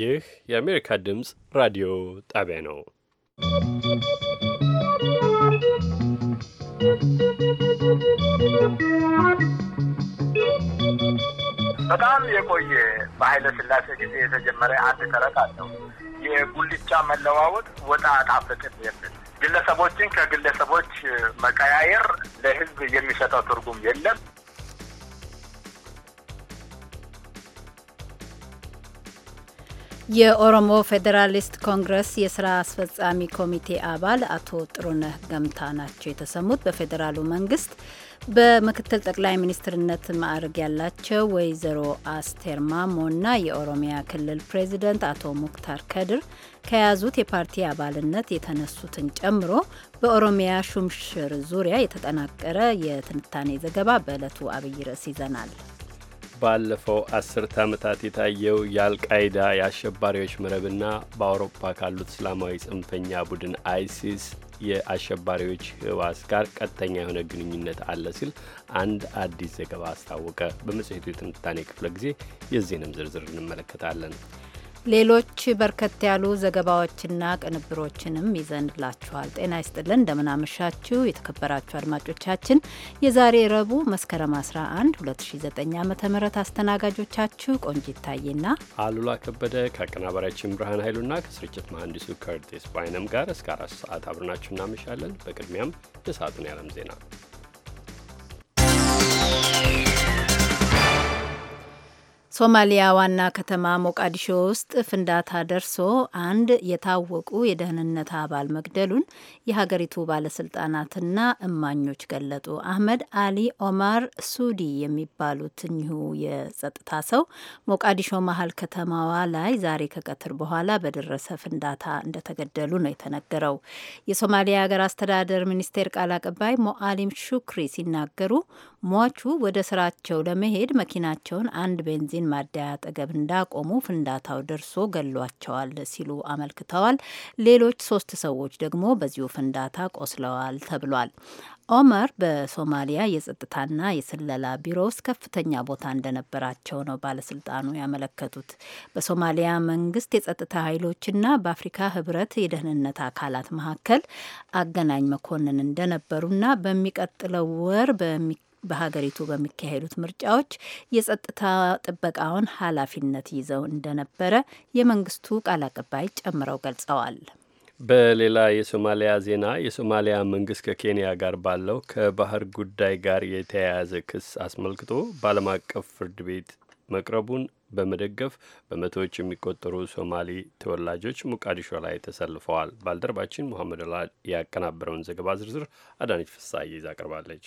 ይህ የአሜሪካ ድምፅ ራዲዮ ጣቢያ ነው። በጣም የቆየ በኃይለ ሥላሴ ጊዜ የተጀመረ አንድ ተረት አለው። የጉልቻ መለዋወጥ ወጣ አጣፍጥን የሚል ግለሰቦችን ከግለሰቦች መቀያየር ለሕዝብ የሚሰጠው ትርጉም የለም። የኦሮሞ ፌዴራሊስት ኮንግረስ የስራ አስፈጻሚ ኮሚቴ አባል አቶ ጥሩነህ ገምታ ናቸው የተሰሙት። በፌዴራሉ መንግስት በምክትል ጠቅላይ ሚኒስትርነት ማዕረግ ያላቸው ወይዘሮ አስቴር ማሞና የኦሮሚያ ክልል ፕሬዚደንት አቶ ሙክታር ከድር ከያዙት የፓርቲ አባልነት የተነሱትን ጨምሮ በኦሮሚያ ሹምሽር ዙሪያ የተጠናቀረ የትንታኔ ዘገባ በዕለቱ አብይ ርዕስ ይዘናል። ባለፈው አስር ዓመታት የታየው የአልቃይዳ የአሸባሪዎች መረብና በአውሮፓ ካሉት እስላማዊ ጽንፈኛ ቡድን አይሲስ የአሸባሪዎች ህዋስ ጋር ቀጥተኛ የሆነ ግንኙነት አለ ሲል አንድ አዲስ ዘገባ አስታወቀ። በመጽሔቱ የትንታኔ ክፍለ ጊዜ የዚህንም ዝርዝር እንመለከታለን። ሌሎች በርከት ያሉ ዘገባዎችና ቅንብሮችንም ይዘንላችኋል። ጤና ይስጥልን፣ እንደምናመሻችሁ የተከበራችሁ አድማጮቻችን የዛሬ ረቡዕ መስከረም 11 2009 ዓ ም አስተናጋጆቻችሁ ቆንጅ ይታይና አሉላ ከበደ ከአቀናባሪያችን ብርሃን ኃይሉና ከስርጭት መሐንዲሱ ከርቴስ ባይነም ጋር እስከ አራት ሰዓት አብረናችሁ እናመሻለን። በቅድሚያም የሰዓቱን የዓለም ዜና ሶማሊያ ዋና ከተማ ሞቃዲሾ ውስጥ ፍንዳታ ደርሶ አንድ የታወቁ የደህንነት አባል መግደሉን የሀገሪቱ ባለስልጣናትና እማኞች ገለጡ። አህመድ አሊ ኦማር ሱዲ የሚባሉት እኚሁ የጸጥታ ሰው ሞቃዲሾ መሀል ከተማዋ ላይ ዛሬ ከቀትር በኋላ በደረሰ ፍንዳታ እንደተገደሉ ነው የተነገረው። የሶማሊያ ሀገር አስተዳደር ሚኒስቴር ቃል አቀባይ ሞአሊም ሹክሪ ሲናገሩ ሟቹ ወደ ስራቸው ለመሄድ መኪናቸውን አንድ ቤንዚን ማደያ አጠገብ እንዳቆሙ ፍንዳታው ደርሶ ገሏቸዋል ሲሉ አመልክተዋል። ሌሎች ሶስት ሰዎች ደግሞ በዚሁ ፍንዳታ ቆስለዋል ተብሏል። ኦመር በሶማሊያ የጸጥታና የስለላ ቢሮ ውስጥ ከፍተኛ ቦታ እንደነበራቸው ነው ባለስልጣኑ ያመለከቱት። በሶማሊያ መንግስት የጸጥታ ኃይሎችና በአፍሪካ ህብረት የደህንነት አካላት መካከል አገናኝ መኮንን እንደነበሩና በሚቀጥለው ወር በሚ በሀገሪቱ በሚካሄዱት ምርጫዎች የጸጥታ ጥበቃውን ኃላፊነት ይዘው እንደነበረ የመንግስቱ ቃል አቀባይ ጨምረው ገልጸዋል። በሌላ የሶማሊያ ዜና የሶማሊያ መንግስት ከኬንያ ጋር ባለው ከባህር ጉዳይ ጋር የተያያዘ ክስ አስመልክቶ በዓለም አቀፍ ፍርድ ቤት መቅረቡን በመደገፍ በመቶዎች የሚቆጠሩ ሶማሌ ተወላጆች ሞቃዲሾ ላይ ተሰልፈዋል። ባልደረባችን መሐመድ ላ ያቀናበረውን ዘገባ ዝርዝር አዳነች ፍሳ ይዛ ቀርባለች።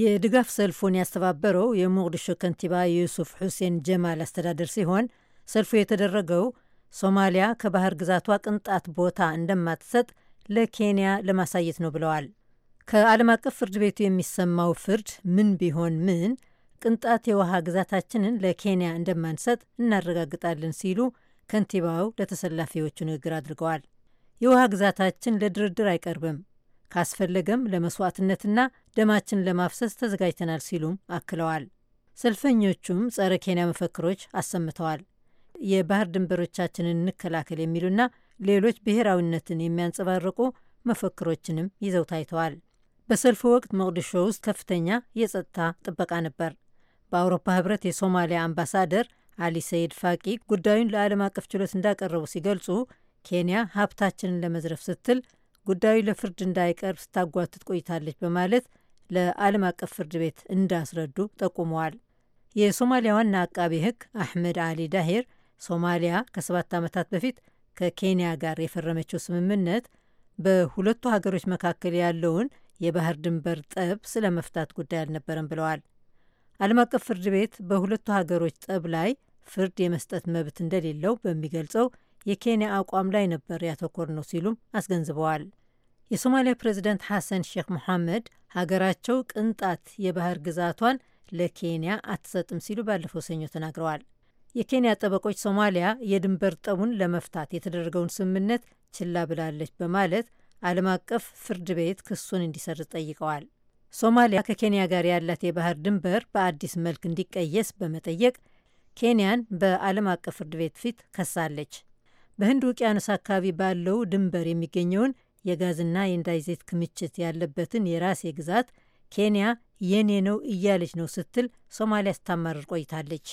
የድጋፍ ሰልፉን ያስተባበረው የሞቅዲሾ ከንቲባ ዩሱፍ ሑሴን ጀማል አስተዳደር ሲሆን ሰልፉ የተደረገው ሶማሊያ ከባህር ግዛቷ ቅንጣት ቦታ እንደማትሰጥ ለኬንያ ለማሳየት ነው ብለዋል። ከዓለም አቀፍ ፍርድ ቤቱ የሚሰማው ፍርድ ምን ቢሆን ምን ቅንጣት የውሃ ግዛታችንን ለኬንያ እንደማንሰጥ እናረጋግጣለን ሲሉ ከንቲባው ለተሰላፊዎቹ ንግግር አድርገዋል። የውሃ ግዛታችን ለድርድር አይቀርብም ካስፈለገም ለመስዋዕትነትና ደማችን ለማፍሰስ ተዘጋጅተናል ሲሉም አክለዋል። ሰልፈኞቹም ጸረ ኬንያ መፈክሮች አሰምተዋል። የባህር ድንበሮቻችንን እንከላከል የሚሉና ሌሎች ብሔራዊነትን የሚያንጸባርቁ መፈክሮችንም ይዘው ታይተዋል። በሰልፉ ወቅት ሞቅዲሾ ውስጥ ከፍተኛ የጸጥታ ጥበቃ ነበር። በአውሮፓ ህብረት የሶማሊያ አምባሳደር አሊ ሰይድ ፋቂ ጉዳዩን ለዓለም አቀፍ ችሎት እንዳቀረቡ ሲገልጹ ኬንያ ሀብታችንን ለመዝረፍ ስትል ጉዳዩ ለፍርድ እንዳይቀርብ ስታጓትት ቆይታለች በማለት ለዓለም አቀፍ ፍርድ ቤት እንዳስረዱ ጠቁመዋል። የሶማሊያ ዋና አቃቤ ሕግ አሕመድ አሊ ዳሄር ሶማሊያ ከሰባት ዓመታት በፊት ከኬንያ ጋር የፈረመችው ስምምነት በሁለቱ ሀገሮች መካከል ያለውን የባህር ድንበር ጠብ ስለ መፍታት ጉዳይ አልነበረም ብለዋል። ዓለም አቀፍ ፍርድ ቤት በሁለቱ ሀገሮች ጠብ ላይ ፍርድ የመስጠት መብት እንደሌለው በሚገልጸው የኬንያ አቋም ላይ ነበር ያተኮር ነው ሲሉም አስገንዝበዋል። የሶማሊያ ፕሬዚደንት ሐሰን ሼክ መሐመድ ሀገራቸው ቅንጣት የባህር ግዛቷን ለኬንያ አትሰጥም ሲሉ ባለፈው ሰኞ ተናግረዋል። የኬንያ ጠበቆች ሶማሊያ የድንበር ጠቡን ለመፍታት የተደረገውን ስምምነት ችላ ብላለች በማለት ዓለም አቀፍ ፍርድ ቤት ክሱን እንዲሰርዝ ጠይቀዋል። ሶማሊያ ከኬንያ ጋር ያላት የባህር ድንበር በአዲስ መልክ እንዲቀየስ በመጠየቅ ኬንያን በዓለም አቀፍ ፍርድ ቤት ፊት ከሳለች። በህንድ ውቅያኖስ አካባቢ ባለው ድንበር የሚገኘውን የጋዝና የነዳጅ ዘይት ክምችት ያለበትን የራሴ ግዛት ኬንያ የኔ ነው እያለች ነው ስትል ሶማሊያ ስታማርር ቆይታለች።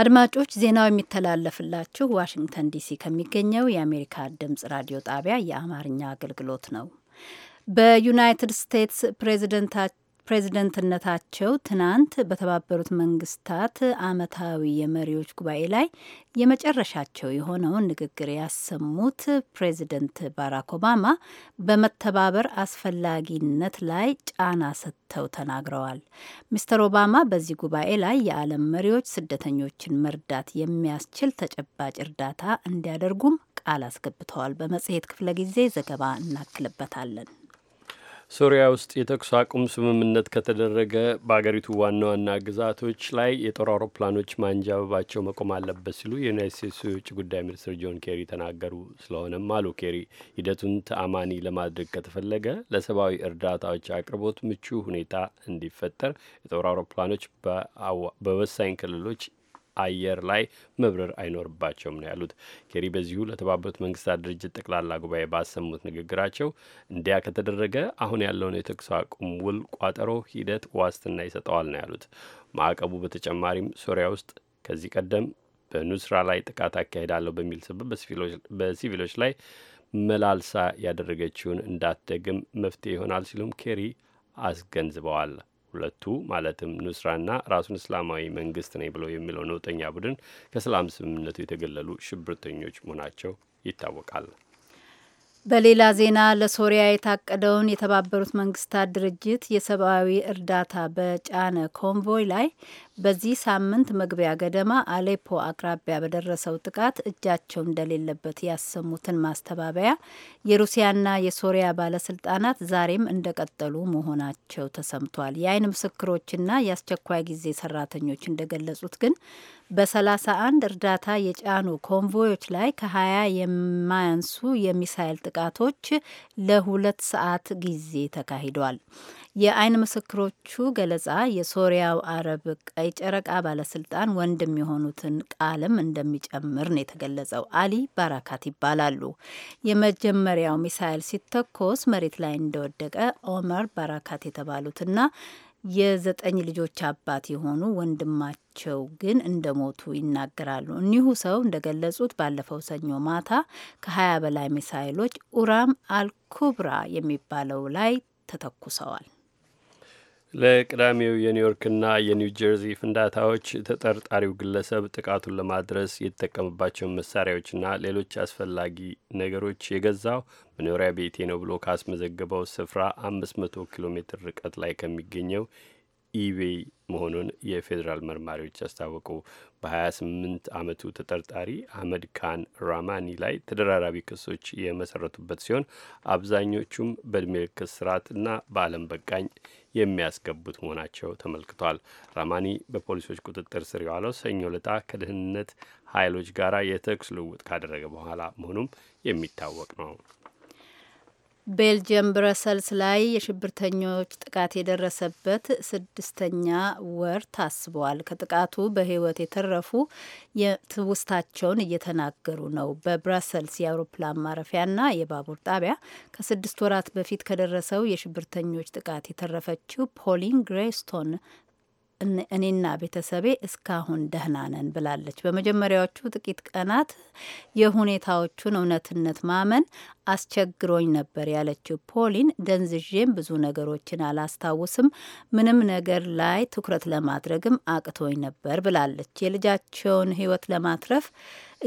አድማጮች ዜናው የሚተላለፍላችሁ ዋሽንግተን ዲሲ ከሚገኘው የአሜሪካ ድምጽ ራዲዮ ጣቢያ የአማርኛ አገልግሎት ነው። በዩናይትድ ስቴትስ ፕሬዚደንታ ፕሬዝደንትነታቸው ትናንት በተባበሩት መንግስታት አመታዊ የመሪዎች ጉባኤ ላይ የመጨረሻቸው የሆነውን ንግግር ያሰሙት ፕሬዝደንት ባራክ ኦባማ በመተባበር አስፈላጊነት ላይ ጫና ሰጥተው ተናግረዋል። ሚስተር ኦባማ በዚህ ጉባኤ ላይ የዓለም መሪዎች ስደተኞችን መርዳት የሚያስችል ተጨባጭ እርዳታ እንዲያደርጉም ቃል አስገብተዋል። በመጽሔት ክፍለ ጊዜ ዘገባ እናክልበታለን። ሶሪያ ውስጥ የተኩስ አቁም ስምምነት ከተደረገ በአገሪቱ ዋና ዋና ግዛቶች ላይ የጦር አውሮፕላኖች ማንጃበባቸው መቆም አለበት ሲሉ የዩናይት ስቴትስ የውጭ ጉዳይ ሚኒስትር ጆን ኬሪ ተናገሩ። ስለሆነም አሉ ኬሪ ሂደቱን ተአማኒ ለማድረግ ከተፈለገ ለሰብአዊ እርዳታዎች አቅርቦት ምቹ ሁኔታ እንዲፈጠር የጦር አውሮፕላኖች በወሳኝ ክልሎች አየር ላይ መብረር አይኖርባቸውም ነው ያሉት። ኬሪ በዚሁ ለተባበሩት መንግስታት ድርጅት ጠቅላላ ጉባኤ ባሰሙት ንግግራቸው እንዲያ ከተደረገ አሁን ያለውን የተኩስ አቁም ውል ቋጠሮ ሂደት ዋስትና ይሰጠዋል ነው ያሉት። ማዕቀቡ በተጨማሪም ሶሪያ ውስጥ ከዚህ ቀደም በኑስራ ላይ ጥቃት አካሄዳለሁ በሚል ሰበብ በሲቪሎች ላይ መላልሳ ያደረገችውን እንዳትደግም መፍትሄ ይሆናል ሲሉም ኬሪ አስገንዝበዋል። ሁለቱ ማለትም ኑስራና ራሱን እስላማዊ መንግስት ነኝ ብለው የሚለው ነውጠኛ ቡድን ከሰላም ስምምነቱ የተገለሉ ሽብርተኞች መሆናቸው ይታወቃል። በሌላ ዜና ለሶሪያ የታቀደውን የተባበሩት መንግስታት ድርጅት የሰብአዊ እርዳታ በጫነ ኮንቮይ ላይ በዚህ ሳምንት መግቢያ ገደማ አሌፖ አቅራቢያ በደረሰው ጥቃት እጃቸው እንደሌለበት ያሰሙትን ማስተባበያ የሩሲያና የሶሪያ ባለስልጣናት ዛሬም እንደቀጠሉ መሆናቸው ተሰምቷል። የአይን ምስክሮችና የአስቸኳይ ጊዜ ሰራተኞች እንደገለጹት ግን በ31 እርዳታ የጫኑ ኮንቮዮች ላይ ከ20 የማያንሱ የሚሳይል ጥቃቶች ለሁለት ሰዓት ጊዜ ተካሂዷል። የአይን ምስክሮቹ ገለጻ የሶሪያው አረብ ጨረቃ ባለስልጣን ወንድም የሆኑትን ቃልም እንደሚጨምር ነው የተገለጸው። አሊ ባራካት ይባላሉ። የመጀመሪያው ሚሳይል ሲተኮስ መሬት ላይ እንደወደቀ ኦመር ባራካት የተባሉትና የዘጠኝ ልጆች አባት የሆኑ ወንድማቸው ግን እንደሞቱ ይናገራሉ። እኒሁ ሰው እንደገለጹት ባለፈው ሰኞ ማታ ከሀያ በላይ ሚሳይሎች ኡራም አልኩብራ የሚባለው ላይ ተተኩሰዋል። ለቅዳሜው የኒውዮርክና የኒው ጀርዚ ፍንዳታዎች ተጠርጣሪው ግለሰብ ጥቃቱን ለማድረስ የተጠቀምባቸውን መሳሪያዎችና ሌሎች አስፈላጊ ነገሮች የገዛው መኖሪያ ቤቴ ነው ብሎ ካስመዘገበው ስፍራ አምስት መቶ ኪሎ ሜትር ርቀት ላይ ከሚገኘው ኢቤይ መሆኑን የፌዴራል መርማሪዎች አስታወቁ። በ28 ዓመቱ ተጠርጣሪ አህመድ ካን ራማኒ ላይ ተደራራቢ ክሶች የመሰረቱበት ሲሆን አብዛኞቹም በዕድሜ ልክ እስራትና በዓለም በቃኝ የሚያስገቡት መሆናቸው ተመልክቷል። ራማኒ በፖሊሶች ቁጥጥር ስር የዋለው ሰኞ ልጣ ከደህንነት ኃይሎች ጋር የተኩስ ልውውጥ ካደረገ በኋላ መሆኑም የሚታወቅ ነው። ቤልጅየም ብረሰልስ ላይ የሽብርተኞች ጥቃት የደረሰበት ስድስተኛ ወር ታስበዋል። ከጥቃቱ በሕይወት የተረፉ የትውስታቸውን እየተናገሩ ነው። በብረሰልስ የአውሮፕላን ማረፊያና የባቡር ጣቢያ ከስድስት ወራት በፊት ከደረሰው የሽብርተኞች ጥቃት የተረፈችው ፖሊን ግሬስቶን እኔና ቤተሰቤ እስካሁን ደህና ነን ብላለች። በመጀመሪያዎቹ ጥቂት ቀናት የሁኔታዎቹን እውነትነት ማመን አስቸግሮኝ ነበር ያለችው ፖሊን ደንዝዤም ብዙ ነገሮችን አላስታውስም፣ ምንም ነገር ላይ ትኩረት ለማድረግም አቅቶኝ ነበር ብላለች። የልጃቸውን ሕይወት ለማትረፍ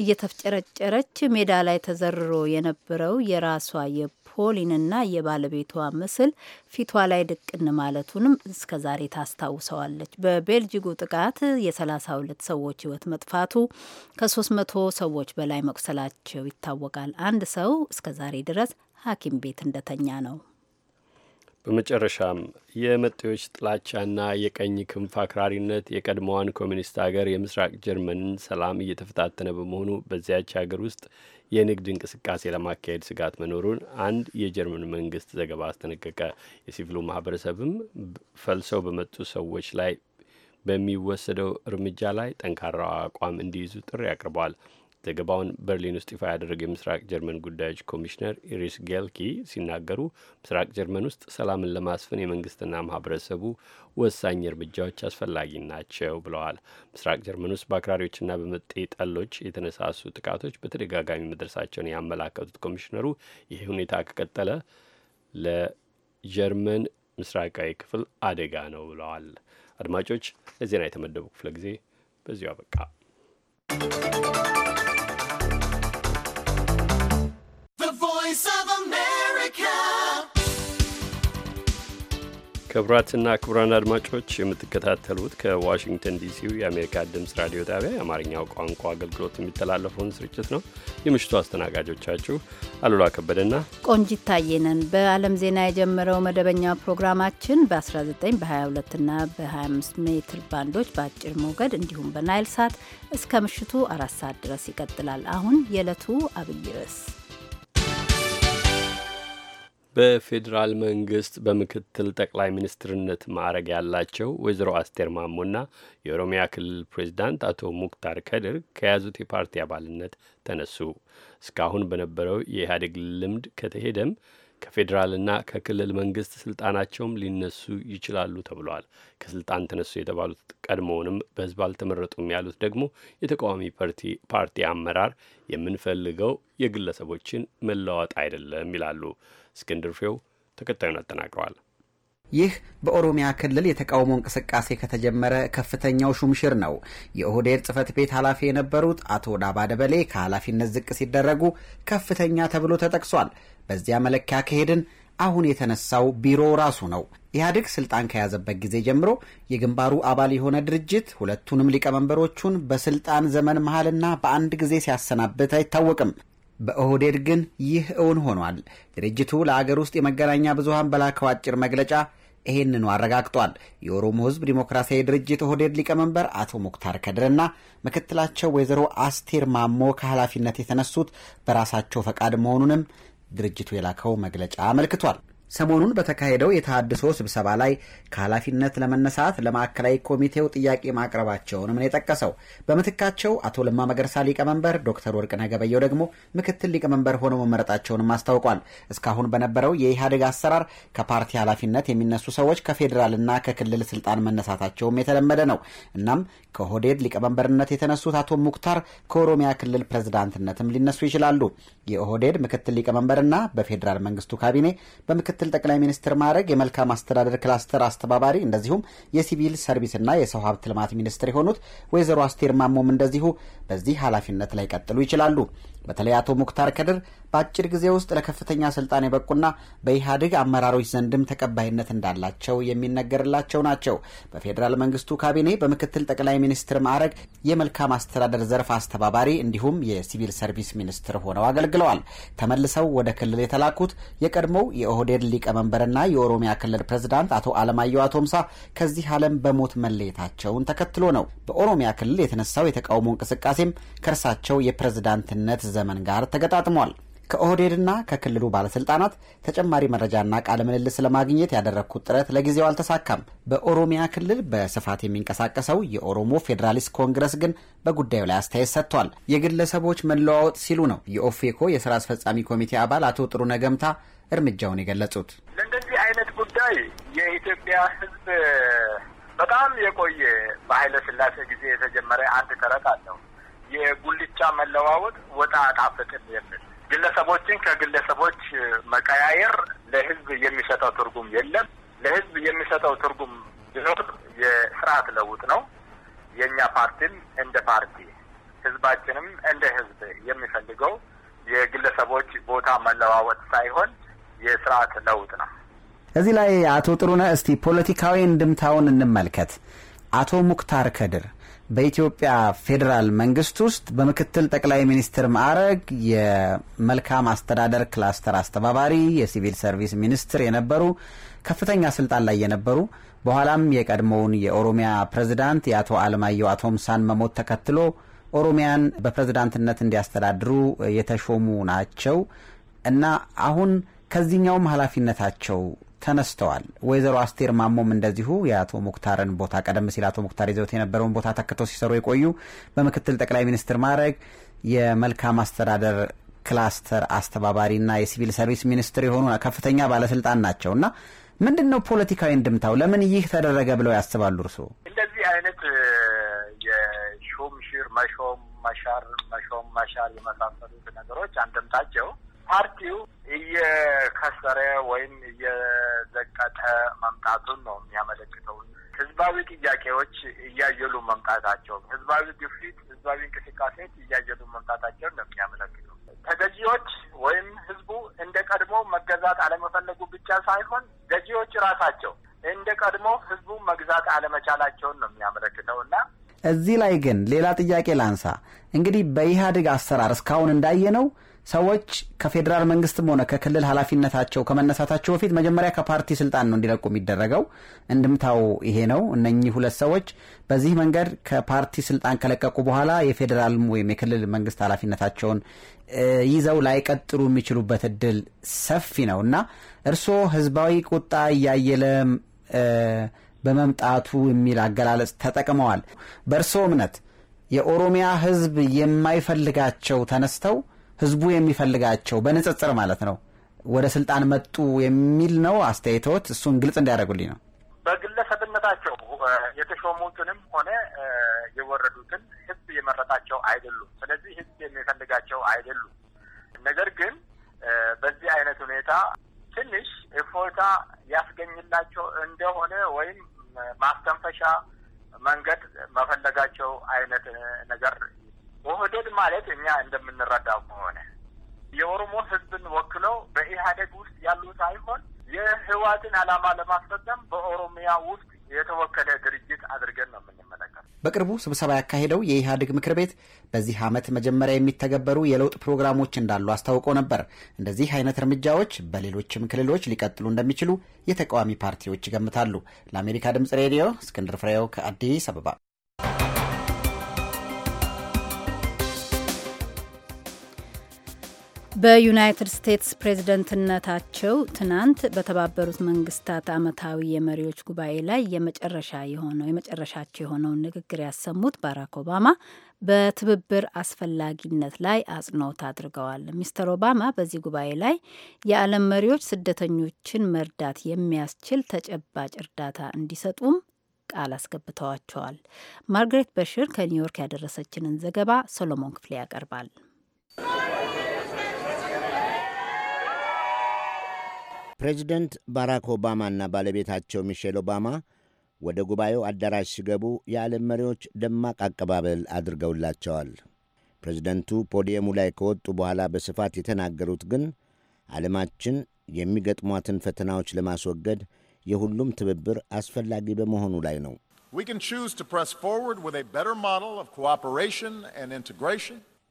እየተፍጨረጨረች ሜዳ ላይ ተዘርሮ የነበረው የራሷ የ። ፖሊንና የባለቤቷ ምስል ፊቷ ላይ ድቅን ማለቱንም እስከ ዛሬ ታስታውሰዋለች። በቤልጅጉ ጥቃት የ32 ሰዎች ህይወት መጥፋቱ ከ300 ሰዎች በላይ መቁሰላቸው ይታወቃል። አንድ ሰው ዛሬ ድረስ ሐኪም ቤት እንደተኛ ነው። በመጨረሻም የመጤዎች ጥላቻና የቀኝ ክንፍ አክራሪነት የቀድሞዋን ኮሚኒስት ሀገር የምስራቅ ጀርመንን ሰላም እየተፈታተነ በመሆኑ በዚያች ሀገር ውስጥ የንግድ እንቅስቃሴ ለማካሄድ ስጋት መኖሩን አንድ የጀርመን መንግስት ዘገባ አስጠነቀቀ። የሲቪሉ ማህበረሰብም ፈልሰው በመጡ ሰዎች ላይ በሚወሰደው እርምጃ ላይ ጠንካራ አቋም እንዲይዙ ጥሪ አቅርቧል። ዘገባውን በርሊን ውስጥ ይፋ ያደረገ የምስራቅ ጀርመን ጉዳዮች ኮሚሽነር ኢሪስ ጌልኪ ሲናገሩ ምስራቅ ጀርመን ውስጥ ሰላምን ለማስፈን የመንግስትና ማህበረሰቡ ወሳኝ እርምጃዎች አስፈላጊ ናቸው ብለዋል። ምስራቅ ጀርመን ውስጥ በአክራሪዎችና በመጤ ጠሎች የተነሳሱ ጥቃቶች በተደጋጋሚ መድረሳቸውን ያመላከቱት ኮሚሽነሩ ይህ ሁኔታ ከቀጠለ ለጀርመን ምስራቃዊ ክፍል አደጋ ነው ብለዋል። አድማጮች፣ ለዜና የተመደቡ ክፍለ ጊዜ በዚሁ አበቃ። ክቡራትና ክቡራን አድማጮች የምትከታተሉት ከዋሽንግተን ዲሲው የአሜሪካ ድምፅ ራዲዮ ጣቢያ የአማርኛው ቋንቋ አገልግሎት የሚተላለፈውን ስርጭት ነው። የምሽቱ አስተናጋጆቻችሁ አሉላ ከበደና ቆንጂት ታዬ በዓለም ዜና የጀመረው መደበኛ ፕሮግራማችን በ19 በ22ና በ25 ሜትር ባንዶች በአጭር ሞገድ እንዲሁም በናይል ሳት እስከ ምሽቱ አራት ሰዓት ድረስ ይቀጥላል። አሁን የዕለቱ አብይ ርዕስ በፌዴራል መንግስት በምክትል ጠቅላይ ሚኒስትርነት ማዕረግ ያላቸው ወይዘሮ አስቴር ማሞና የኦሮሚያ ክልል ፕሬዚዳንት አቶ ሙክታር ከድር ከያዙት የፓርቲ አባልነት ተነሱ። እስካሁን በነበረው የኢህአዴግ ልምድ ከተሄደም ከፌዴራልና ከክልል መንግስት ስልጣናቸውም ሊነሱ ይችላሉ ተብሏል። ከስልጣን ተነሱ የተባሉት ቀድሞውንም በህዝብ አልተመረጡም ያሉት ደግሞ የተቃዋሚ ፓርቲ አመራር የምንፈልገው የግለሰቦችን መለዋወጥ አይደለም ይላሉ። እስክንድር ፍሬው ተከታዩን አጠናቅረዋል። ይህ በኦሮሚያ ክልል የተቃውሞ እንቅስቃሴ ከተጀመረ ከፍተኛው ሹምሽር ነው። የኦህዴድ ጽህፈት ቤት ኃላፊ የነበሩት አቶ ዳባ ደበሌ ከኃላፊነት ዝቅ ሲደረጉ ከፍተኛ ተብሎ ተጠቅሷል። በዚያ መለኪያ ከሄድን አሁን የተነሳው ቢሮ ራሱ ነው። ኢህአዴግ ስልጣን ከያዘበት ጊዜ ጀምሮ የግንባሩ አባል የሆነ ድርጅት ሁለቱንም ሊቀመንበሮቹን በስልጣን ዘመን መሀልና በአንድ ጊዜ ሲያሰናብት አይታወቅም። በኦህዴድ ግን ይህ እውን ሆኗል። ድርጅቱ ለአገር ውስጥ የመገናኛ ብዙሃን በላከው አጭር መግለጫ ይህንኑ አረጋግጧል። የኦሮሞ ህዝብ ዲሞክራሲያዊ ድርጅት ኦህዴድ ሊቀመንበር አቶ ሙክታር ከድርና ምክትላቸው ወይዘሮ አስቴር ማሞ ከኃላፊነት የተነሱት በራሳቸው ፈቃድ መሆኑንም ድርጅቱ የላከው መግለጫ አመልክቷል። ሰሞኑን በተካሄደው የተሃድሶ ስብሰባ ላይ ከኃላፊነት ለመነሳት ለማዕከላዊ ኮሚቴው ጥያቄ ማቅረባቸውንም ነው የጠቀሰው። በምትካቸው አቶ ለማ መገርሳ ሊቀመንበር፣ ዶክተር ወርቅነህ ገበየሁ ደግሞ ምክትል ሊቀመንበር ሆነው መመረጣቸውንም አስታውቋል። እስካሁን በነበረው የኢህአዴግ አሰራር ከፓርቲ ኃላፊነት የሚነሱ ሰዎች ከፌዴራልና ከክልል ስልጣን መነሳታቸውም የተለመደ ነው። እናም ከሆዴድ ሊቀመንበርነት የተነሱት አቶ ሙክታር ከኦሮሚያ ክልል ፕሬዝዳንትነትም ሊነሱ ይችላሉ። የኦህዴድ ምክትል ሊቀመንበርና በፌዴራል መንግስቱ ካቢኔ በምክ ምክትል ጠቅላይ ሚኒስትር ማዕረግ የመልካም አስተዳደር ክላስተር አስተባባሪ እንደዚሁም የሲቪል ሰርቪስና የሰው ሀብት ልማት ሚኒስትር የሆኑት ወይዘሮ አስቴር ማሞም እንደዚሁ በዚህ ኃላፊነት ላይ ቀጥሉ ይችላሉ። በተለይ አቶ ሙክታር ከድር በአጭር ጊዜ ውስጥ ለከፍተኛ ስልጣን የበቁና በኢህአዴግ አመራሮች ዘንድም ተቀባይነት እንዳላቸው የሚነገርላቸው ናቸው። በፌዴራል መንግስቱ ካቢኔ በምክትል ጠቅላይ ሚኒስትር ማዕረግ የመልካም አስተዳደር ዘርፍ አስተባባሪ እንዲሁም የሲቪል ሰርቪስ ሚኒስትር ሆነው አገልግለዋል። ተመልሰው ወደ ክልል የተላኩት የቀድሞው የኦህዴድ ሊቀመንበርና የኦሮሚያ ክልል ፕሬዝዳንት አቶ አለማየሁ አቶምሳ ከዚህ ዓለም በሞት መለየታቸውን ተከትሎ ነው። በኦሮሚያ ክልል የተነሳው የተቃውሞ እንቅስቃሴም ከእርሳቸው የፕሬዝዳንትነት ዘመን ጋር ተገጣጥሟል። ከኦህዴድና ከክልሉ ባለስልጣናት ተጨማሪ መረጃና ቃለ ምልልስ ለማግኘት ያደረግኩት ጥረት ለጊዜው አልተሳካም። በኦሮሚያ ክልል በስፋት የሚንቀሳቀሰው የኦሮሞ ፌዴራሊስት ኮንግረስ ግን በጉዳዩ ላይ አስተያየት ሰጥቷል። የግለሰቦች መለዋወጥ ሲሉ ነው የኦፌኮ የስራ አስፈጻሚ ኮሚቴ አባል አቶ ጥሩ ነገምታ እርምጃውን የገለጹት። ለእንደዚህ አይነት ጉዳይ የኢትዮጵያ ሕዝብ በጣም የቆየ በኃይለ ስላሴ ጊዜ የተጀመረ አንድ ተረት አለው። የጉልቻ መለዋወጥ ወጣ አጣፍጥም የምል ግለሰቦችን ከግለሰቦች መቀያየር ለህዝብ የሚሰጠው ትርጉም የለም። ለህዝብ የሚሰጠው ትርጉም ቢኖር የስርዓት ለውጥ ነው። የእኛ ፓርቲም እንደ ፓርቲ ህዝባችንም እንደ ህዝብ የሚፈልገው የግለሰቦች ቦታ መለዋወጥ ሳይሆን የስርዓት ለውጥ ነው። እዚህ ላይ አቶ ጥሩነ እስቲ ፖለቲካዊ እንድምታውን እንመልከት። አቶ ሙክታር ከድር በኢትዮጵያ ፌዴራል መንግስት ውስጥ በምክትል ጠቅላይ ሚኒስትር ማዕረግ የመልካም አስተዳደር ክላስተር አስተባባሪ፣ የሲቪል ሰርቪስ ሚኒስትር የነበሩ ከፍተኛ ስልጣን ላይ የነበሩ በኋላም የቀድሞውን የኦሮሚያ ፕሬዝዳንት የአቶ አለማየሁ አቶምሳን መሞት ተከትሎ ኦሮሚያን በፕሬዝዳንትነት እንዲያስተዳድሩ የተሾሙ ናቸው እና አሁን ከዚህኛውም ኃላፊነታቸው ተነስተዋል። ወይዘሮ አስቴር ማሞም እንደዚሁ የአቶ ሙክታርን ቦታ ቀደም ሲል አቶ ሙክታር ይዘውት የነበረውን ቦታ ተክተው ሲሰሩ የቆዩ በምክትል ጠቅላይ ሚኒስትር ማዕረግ የመልካም አስተዳደር ክላስተር አስተባባሪና የሲቪል ሰርቪስ ሚኒስትር የሆኑ ከፍተኛ ባለስልጣን ናቸው እና ምንድን ነው ፖለቲካዊ እንድምታው? ለምን ይህ ተደረገ ብለው ያስባሉ እርስዎ? እንደዚህ አይነት የሹም ሽር መሾም መሻር መሾም መሻር የመሳሰሉት ነገሮች አንድምታቸው ፓርቲው እየከሰረ ወይም እየዘቀጠ መምጣቱን ነው የሚያመለክተው። ህዝባዊ ጥያቄዎች እያየሉ መምጣታቸው፣ ህዝባዊ ግፊት፣ ህዝባዊ እንቅስቃሴዎች እያየሉ መምጣታቸውን ነው የሚያመለክተው። ተገዢዎች ወይም ህዝቡ እንደ ቀድሞ መገዛት አለመፈለጉ ብቻ ሳይሆን ገዢዎች ራሳቸው እንደ ቀድሞ ህዝቡ መግዛት አለመቻላቸውን ነው የሚያመለክተው እና እዚህ ላይ ግን ሌላ ጥያቄ ላንሳ። እንግዲህ በኢህአዴግ አሰራር እስካሁን እንዳየ ነው ሰዎች ከፌዴራል መንግስትም ሆነ ከክልል ኃላፊነታቸው ከመነሳታቸው በፊት መጀመሪያ ከፓርቲ ስልጣን ነው እንዲለቁ የሚደረገው። እንድምታው ይሄ ነው። እነኚህ ሁለት ሰዎች በዚህ መንገድ ከፓርቲ ስልጣን ከለቀቁ በኋላ የፌዴራል ወይም የክልል መንግስት ኃላፊነታቸውን ይዘው ላይቀጥሉ የሚችሉበት እድል ሰፊ ነው እና እርስዎ ህዝባዊ ቁጣ እያየለ በመምጣቱ የሚል አገላለጽ ተጠቅመዋል። በእርስዎ እምነት የኦሮሚያ ህዝብ የማይፈልጋቸው ተነስተው ህዝቡ የሚፈልጋቸው በንጽጽር ማለት ነው ወደ ስልጣን መጡ የሚል ነው አስተያየቶት፣ እሱን ግልጽ እንዲያደርጉልኝ ነው። በግለሰብነታቸው የተሾሙትንም ሆነ የወረዱትን ህዝብ የመረጣቸው አይደሉም። ስለዚህ ህዝብ የሚፈልጋቸው አይደሉም። ነገር ግን በዚህ አይነት ሁኔታ ትንሽ እፎይታ ያስገኝላቸው እንደሆነ ወይም ማስተንፈሻ መንገድ መፈለጋቸው አይነት ነገር ኦህዴድ ማለት እኛ እንደምንረዳው ከሆነ የኦሮሞ ህዝብን ወክለው በኢህአዴግ ውስጥ ያሉ ሳይሆን የህወሓትን ዓላማ ለማስፈጸም በኦሮሚያ ውስጥ የተወከለ ድርጅት አድርገን ነው የምንመለከት። በቅርቡ ስብሰባ ያካሄደው የኢህአዴግ ምክር ቤት በዚህ ዓመት መጀመሪያ የሚተገበሩ የለውጥ ፕሮግራሞች እንዳሉ አስታውቆ ነበር። እንደዚህ አይነት እርምጃዎች በሌሎችም ክልሎች ሊቀጥሉ እንደሚችሉ የተቃዋሚ ፓርቲዎች ይገምታሉ። ለአሜሪካ ድምጽ ሬዲዮ እስክንድር ፍሬው ከአዲስ አበባ በዩናይትድ ስቴትስ ፕሬዝደንትነታቸው ትናንት በተባበሩት መንግስታት ዓመታዊ የመሪዎች ጉባኤ ላይ የመጨረሻ የሆነው የመጨረሻቸው የሆነውን ንግግር ያሰሙት ባራክ ኦባማ በትብብር አስፈላጊነት ላይ አጽንኦት አድርገዋል። ሚስተር ኦባማ በዚህ ጉባኤ ላይ የዓለም መሪዎች ስደተኞችን መርዳት የሚያስችል ተጨባጭ እርዳታ እንዲሰጡም ቃል አስገብተዋቸዋል። ማርግሬት በሽር ከኒውዮርክ ያደረሰችንን ዘገባ ሶሎሞን ክፍሌ ያቀርባል። ፕሬዚደንት ባራክ ኦባማና ባለቤታቸው ሚሼል ኦባማ ወደ ጉባኤው አዳራሽ ሲገቡ የዓለም መሪዎች ደማቅ አቀባበል አድርገውላቸዋል። ፕሬዚደንቱ ፖዲየሙ ላይ ከወጡ በኋላ በስፋት የተናገሩት ግን ዓለማችን የሚገጥሟትን ፈተናዎች ለማስወገድ የሁሉም ትብብር አስፈላጊ በመሆኑ ላይ ነው።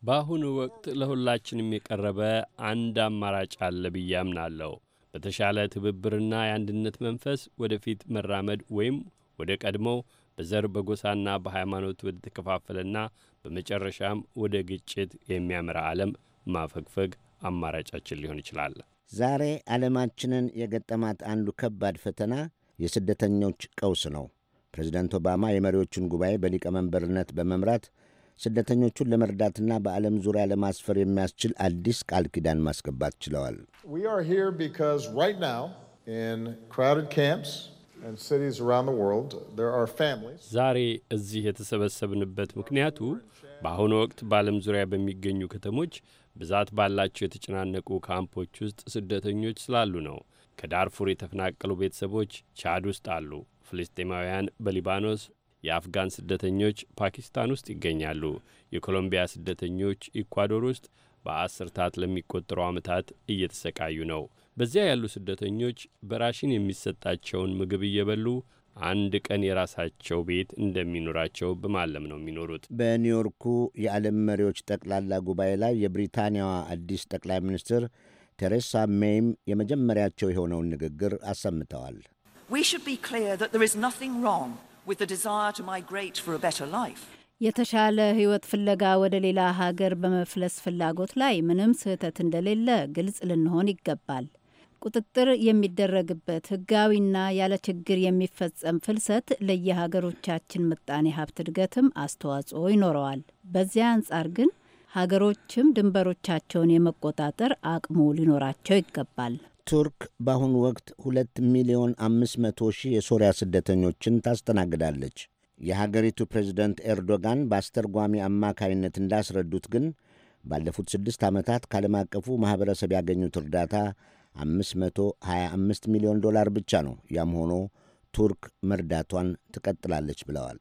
በአሁኑ ወቅት ለሁላችንም የቀረበ አንድ አማራጭ አለ ብዬ አምናለሁ። በተሻለ ትብብርና የአንድነት መንፈስ ወደፊት መራመድ ወይም ወደ ቀድሞው በዘር በጎሳና በሃይማኖት ወደ ተከፋፈለና በመጨረሻም ወደ ግጭት የሚያመራ ዓለም ማፈግፈግ አማራጫችን ሊሆን ይችላል። ዛሬ ዓለማችንን የገጠማት አንዱ ከባድ ፈተና የስደተኞች ቀውስ ነው። ፕሬዚደንት ኦባማ የመሪዎቹን ጉባኤ በሊቀመንበርነት በመምራት ስደተኞቹን ለመርዳትና በዓለም ዙሪያ ለማስፈር የሚያስችል አዲስ ቃል ኪዳን ማስገባት ችለዋል። ዛሬ እዚህ የተሰበሰብንበት ምክንያቱ በአሁኑ ወቅት በዓለም ዙሪያ በሚገኙ ከተሞች ብዛት ባላቸው የተጨናነቁ ካምፖች ውስጥ ስደተኞች ስላሉ ነው። ከዳርፉር የተፈናቀሉ ቤተሰቦች ቻድ ውስጥ አሉ። ፍልስጤማውያን በሊባኖስ የአፍጋን ስደተኞች ፓኪስታን ውስጥ ይገኛሉ። የኮሎምቢያ ስደተኞች ኢኳዶር ውስጥ በአስርታት ለሚቆጠሩ ዓመታት እየተሰቃዩ ነው። በዚያ ያሉ ስደተኞች በራሽን የሚሰጣቸውን ምግብ እየበሉ አንድ ቀን የራሳቸው ቤት እንደሚኖራቸው በማለም ነው የሚኖሩት። በኒውዮርኩ የዓለም መሪዎች ጠቅላላ ጉባኤ ላይ የብሪታንያዋ አዲስ ጠቅላይ ሚኒስትር ቴሬሳ ሜይም የመጀመሪያቸው የሆነውን ንግግር አሰምተዋል። with the desire to migrate for a better life. የተሻለ ህይወት ፍለጋ ወደ ሌላ ሀገር በመፍለስ ፍላጎት ላይ ምንም ስህተት እንደሌለ ግልጽ ልንሆን ይገባል። ቁጥጥር የሚደረግበት ህጋዊና ያለ ችግር የሚፈጸም ፍልሰት ለየሀገሮቻችን ምጣኔ ሀብት እድገትም አስተዋጽኦ ይኖረዋል። በዚያ አንጻር ግን ሀገሮችም ድንበሮቻቸውን የመቆጣጠር አቅሙ ሊኖራቸው ይገባል። ቱርክ በአሁኑ ወቅት ሁለት ሚሊዮን አምስት መቶ ሺህ የሶሪያ ስደተኞችን ታስተናግዳለች። የሀገሪቱ ፕሬዚደንት ኤርዶጋን በአስተርጓሚ አማካይነት እንዳስረዱት ግን ባለፉት ስድስት ዓመታት ከዓለም አቀፉ ማኅበረሰብ ያገኙት እርዳታ 525 ሚሊዮን ዶላር ብቻ ነው። ያም ሆኖ ቱርክ መርዳቷን ትቀጥላለች ብለዋል።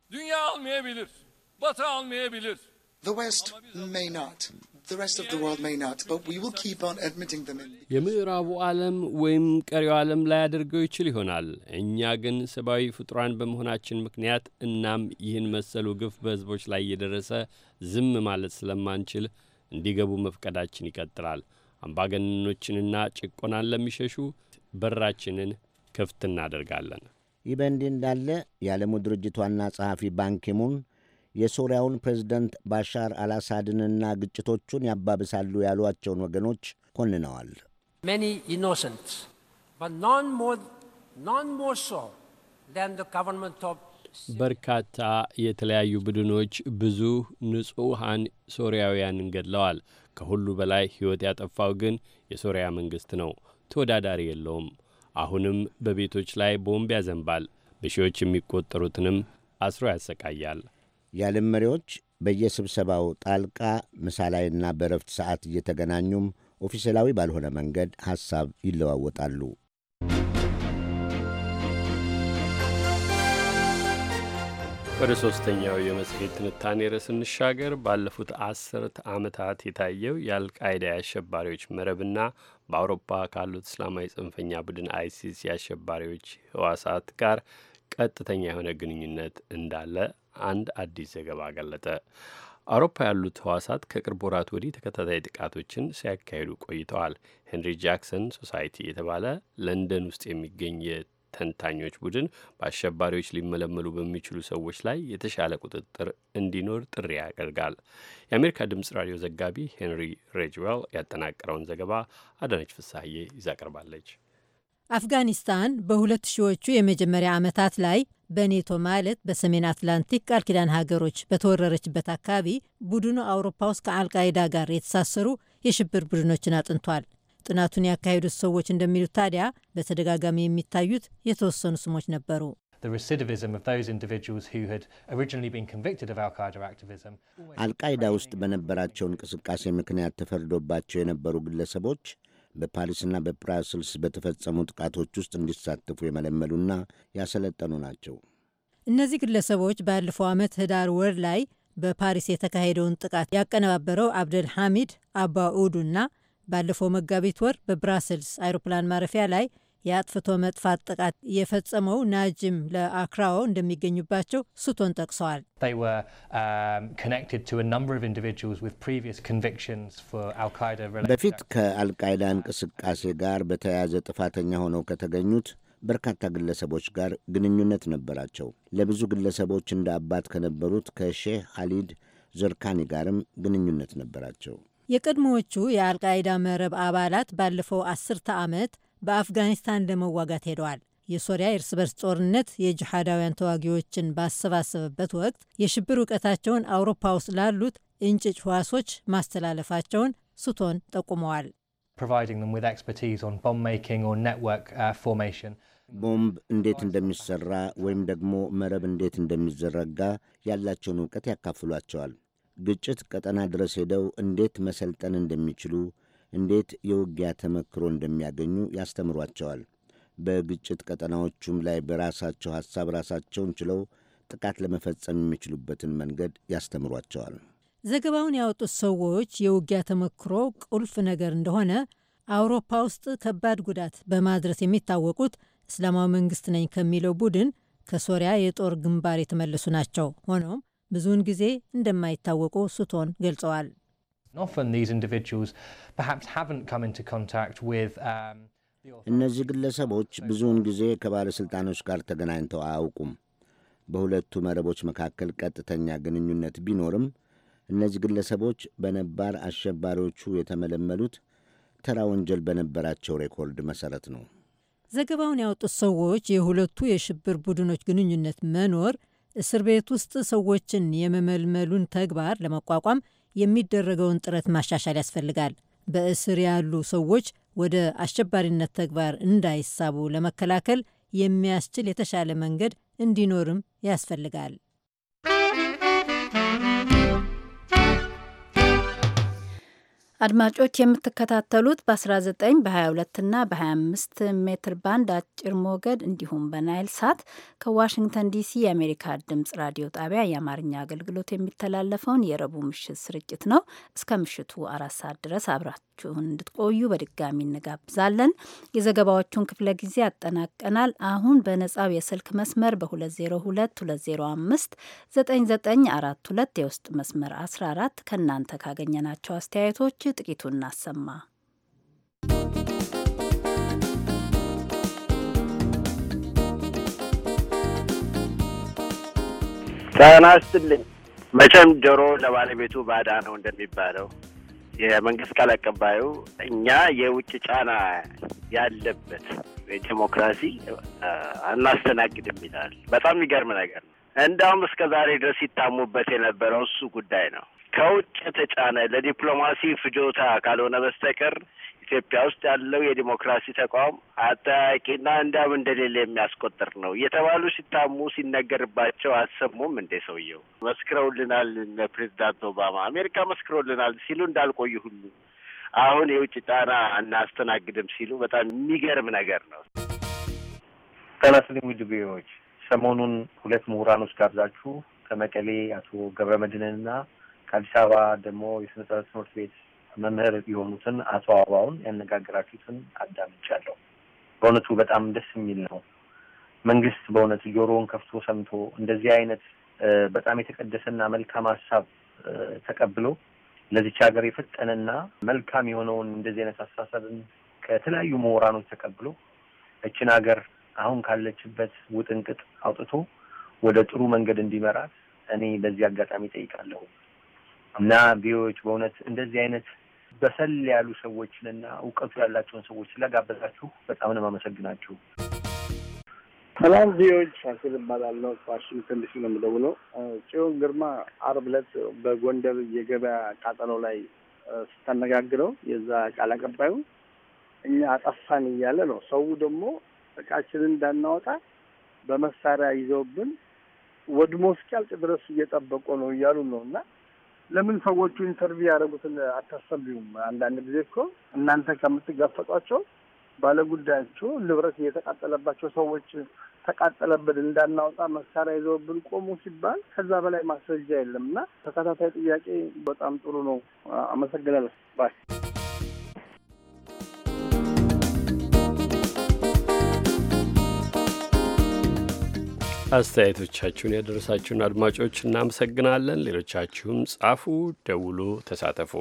የምዕራቡ ዓለም ወይም ቀሪው ዓለም ላይ አድርገው ይችል ይሆናል። እኛ ግን ሰብአዊ ፍጡራን በመሆናችን ምክንያት እናም ይህን መሰሉ ግፍ በሕዝቦች ላይ እየደረሰ ዝም ማለት ስለማንችል እንዲገቡ መፍቀዳችን ይቀጥላል። አምባገነኖችንና ጭቆናን ለሚሸሹ በራችንን ክፍት እናደርጋለን። ይህ በእንዲህ እንዳለ የዓለሙ ድርጅት ዋና ጸሐፊ ባንኪሙን የሶሪያውን ፕሬዝደንት ባሻር አልአሳድንና ግጭቶቹን ያባብሳሉ ያሏቸውን ወገኖች ኮንነዋል። በርካታ የተለያዩ ቡድኖች ብዙ ንጹሐን ሶሪያውያንን ገድለዋል። ከሁሉ በላይ ሕይወት ያጠፋው ግን የሶሪያ መንግሥት ነው። ተወዳዳሪ የለውም። አሁንም በቤቶች ላይ ቦምብ ያዘንባል፣ በሺዎች የሚቆጠሩትንም አስሮ ያሰቃያል። የዓለም መሪዎች በየስብሰባው ጣልቃ ምሳ ላይና በረፍት ሰዓት እየተገናኙም ኦፊሴላዊ ባልሆነ መንገድ ሐሳብ ይለዋወጣሉ። ወደ ሶስተኛው የመጽሔት ትንታኔ ርዕስ እንሻገር። ባለፉት አስርት ዓመታት የታየው የአልቃይዳ የአሸባሪዎች መረብና በአውሮፓ ካሉት እስላማዊ ጽንፈኛ ቡድን አይሲስ የአሸባሪዎች ህዋሳት ጋር ቀጥተኛ የሆነ ግንኙነት እንዳለ አንድ አዲስ ዘገባ ገለጠ። አውሮፓ ያሉት ህዋሳት ከቅርብ ወራት ወዲህ ተከታታይ ጥቃቶችን ሲያካሂዱ ቆይተዋል። ሄንሪ ጃክሰን ሶሳይቲ የተባለ ለንደን ውስጥ የሚገኝ የተንታኞች ቡድን በአሸባሪዎች ሊመለመሉ በሚችሉ ሰዎች ላይ የተሻለ ቁጥጥር እንዲኖር ጥሪ ያደርጋል። የአሜሪካ ድምጽ ራዲዮ ዘጋቢ ሄንሪ ሬጅዌል ያጠናቀረውን ዘገባ አዳነች ፍሳሐዬ ይዛ አፍጋኒስታን በሁለት ሺዎቹ የመጀመሪያ ዓመታት ላይ በኔቶ ማለት በሰሜን አትላንቲክ ቃል ኪዳን ሀገሮች በተወረረችበት አካባቢ ቡድኑ አውሮፓ ውስጥ ከአልቃይዳ ጋር የተሳሰሩ የሽብር ቡድኖችን አጥንቷል። ጥናቱን ያካሄዱት ሰዎች እንደሚሉት ታዲያ በተደጋጋሚ የሚታዩት የተወሰኑ ስሞች ነበሩ። አልቃይዳ ውስጥ በነበራቸው እንቅስቃሴ ምክንያት ተፈርዶባቸው የነበሩ ግለሰቦች በፓሪስና በብራስልስ በተፈጸሙ ጥቃቶች ውስጥ እንዲሳተፉ የመለመሉና ያሰለጠኑ ናቸው። እነዚህ ግለሰቦች ባለፈው ዓመት ህዳር ወር ላይ በፓሪስ የተካሄደውን ጥቃት ያቀነባበረው አብደል ሐሚድ አባኡዱና ባለፈው መጋቢት ወር በብራስልስ አይሮፕላን ማረፊያ ላይ የአጥፍቶ መጥፋት ጥቃት የፈጸመው ናጅም ለአክራዎ እንደሚገኙባቸው ስቶን ጠቅሰዋል። um, በፊት ከአልቃይዳ እንቅስቃሴ ጋር በተያያዘ ጥፋተኛ ሆነው ከተገኙት በርካታ ግለሰቦች ጋር ግንኙነት ነበራቸው። ለብዙ ግለሰቦች እንደ አባት ከነበሩት ከሼህ ኻሊድ ዘርካኒ ጋርም ግንኙነት ነበራቸው። የቀድሞዎቹ የአልቃይዳ መረብ አባላት ባለፈው አስርተ ዓመት በአፍጋኒስታን ለመዋጋት ሄደዋል። የሶሪያ እርስ በርስ ጦርነት የጅሃዳውያን ተዋጊዎችን ባሰባሰበበት ወቅት የሽብር እውቀታቸውን አውሮፓ ውስጥ ላሉት እንጭጭ ህዋሶች ማስተላለፋቸውን ስቶን ጠቁመዋል። uh, ቦምብ እንዴት እንደሚሰራ ወይም ደግሞ መረብ እንዴት እንደሚዘረጋ ያላቸውን እውቀት ያካፍሏቸዋል። ግጭት ቀጠና ድረስ ሄደው እንዴት መሰልጠን እንደሚችሉ እንዴት የውጊያ ተመክሮ እንደሚያገኙ ያስተምሯቸዋል። በግጭት ቀጠናዎቹም ላይ በራሳቸው ሐሳብ ራሳቸውን ችለው ጥቃት ለመፈጸም የሚችሉበትን መንገድ ያስተምሯቸዋል። ዘገባውን ያወጡት ሰዎች የውጊያ ተመክሮ ቁልፍ ነገር እንደሆነ አውሮፓ ውስጥ ከባድ ጉዳት በማድረስ የሚታወቁት እስላማዊ መንግስት ነኝ ከሚለው ቡድን ከሶሪያ የጦር ግንባር የተመለሱ ናቸው። ሆኖም ብዙውን ጊዜ እንደማይታወቁ ስቶን ገልጸዋል። Um, እነዚህ ግለሰቦች ብዙውን ጊዜ ከባለሥልጣኖች ጋር ተገናኝተው አያውቁም። በሁለቱ መረቦች መካከል ቀጥተኛ ግንኙነት ቢኖርም እነዚህ ግለሰቦች በነባር አሸባሪዎቹ የተመለመሉት ተራ ወንጀል በነበራቸው ሬኮርድ መሰረት ነው። ዘገባውን ያወጡት ሰዎች የሁለቱ የሽብር ቡድኖች ግንኙነት መኖር እስር ቤት ውስጥ ሰዎችን የመመልመሉን ተግባር ለመቋቋም የሚደረገውን ጥረት ማሻሻል ያስፈልጋል። በእስር ያሉ ሰዎች ወደ አሸባሪነት ተግባር እንዳይሳቡ ለመከላከል የሚያስችል የተሻለ መንገድ እንዲኖርም ያስፈልጋል። አድማጮች የምትከታተሉት በ19 በ22 እና በ25 ሜትር ባንድ አጭር ሞገድ እንዲሁም በናይል ሳት ከዋሽንግተን ዲሲ የአሜሪካ ድምጽ ራዲዮ ጣቢያ የአማርኛ አገልግሎት የሚተላለፈውን የረቡዕ ምሽት ስርጭት ነው። እስከ ምሽቱ አራት ሰዓት ድረስ አብራችሁን እንድትቆዩ በድጋሚ እንጋብዛለን። የዘገባዎቹን ክፍለ ጊዜ አጠናቀናል። አሁን በነጻው የስልክ መስመር በ202 205 9942 የውስጥ መስመር 14 ከእናንተ ካገኘናቸው አስተያየቶች ጥቂቱ እናሰማ። ጤና ይስጥልኝ። መቼም ጆሮ ለባለቤቱ ባዳ ነው እንደሚባለው የመንግስት ቃል አቀባዩ እኛ የውጭ ጫና ያለበት ዴሞክራሲ አናስተናግድም ይላል። በጣም የሚገርም ነገር ነው። እንዳውም እስከ ዛሬ ድረስ ሲታሙበት የነበረው እሱ ጉዳይ ነው። ከውጭ የተጫነ ለዲፕሎማሲ ፍጆታ ካልሆነ በስተቀር ኢትዮጵያ ውስጥ ያለው የዲሞክራሲ ተቋም አጠያቂና እንዳም እንደሌለ የሚያስቆጥር ነው የተባሉ ሲታሙ ሲነገርባቸው አሰሙም እንዴ? ሰውየው መስክረውልናል፣ ፕሬዚዳንት ኦባማ አሜሪካ መስክረውልናል ሲሉ እንዳልቆዩ ሁሉ አሁን የውጭ ጫና እናስተናግድም ሲሉ በጣም የሚገርም ነገር ነው። ጠናስልኝ ውድ ሰሞኑን ሁለት ምሁራኖች ጋብዛችሁ ከመቀሌ አቶ ገብረ ከአዲስ አበባ ደግሞ የስነ ጥበብ ትምህርት ቤት መምህር የሆኑትን አቶ አበባውን ያነጋግራችሁትን አዳምጫለሁ። በእውነቱ በጣም ደስ የሚል ነው። መንግስት በእውነት ጆሮውን ከፍቶ ሰምቶ እንደዚህ አይነት በጣም የተቀደሰና መልካም ሀሳብ ተቀብሎ ለዚች ሀገር የፈጠነና መልካም የሆነውን እንደዚህ አይነት አስተሳሰብን ከተለያዩ ምሁራኖች ተቀብሎ እችን ሀገር አሁን ካለችበት ውጥንቅጥ አውጥቶ ወደ ጥሩ መንገድ እንዲመራት እኔ በዚህ አጋጣሚ ጠይቃለሁ። እና ቢዎች በእውነት እንደዚህ አይነት በሰል ያሉ ሰዎችንና እውቀቱ ያላቸውን ሰዎች ስለጋበዛችሁ በጣም ነው የማመሰግናችሁ። ሰላም ቪዎች ሻሲል እባላለሁ። ዋሽንግተን ዲሲ ነው የምደውለው። ጽዮን ግርማ አርብ ዕለት በጎንደር የገበያ ቃጠሎ ላይ ስታነጋግረው የዛ ቃል አቀባዩ እኛ አጠፋን እያለ ነው። ሰው ደግሞ እቃችንን እንዳናወጣ በመሳሪያ ይዘውብን ወድሞ እስኪያልቅ ድረስ እየጠበቁ ነው እያሉ ነው እና ለምን ሰዎቹ ኢንተርቪው ያደረጉትን አታሰብዩም? አንዳንድ ጊዜ እኮ እናንተ ከምትጋፈጧቸው ባለጉዳያቸው ንብረት የተቃጠለባቸው ሰዎች ተቃጠለብን እንዳናወጣ መሳሪያ ይዘውብን ቆሙ ሲባል ከዛ በላይ ማስረጃ የለም እና ተከታታይ ጥያቄ በጣም ጥሩ ነው። አመሰግናለሁ ባይ አስተያየቶቻችሁን ያደረሳችሁን አድማጮች እናመሰግናለን። ሌሎቻችሁም ጻፉ፣ ደውሉ፣ ተሳተፉ።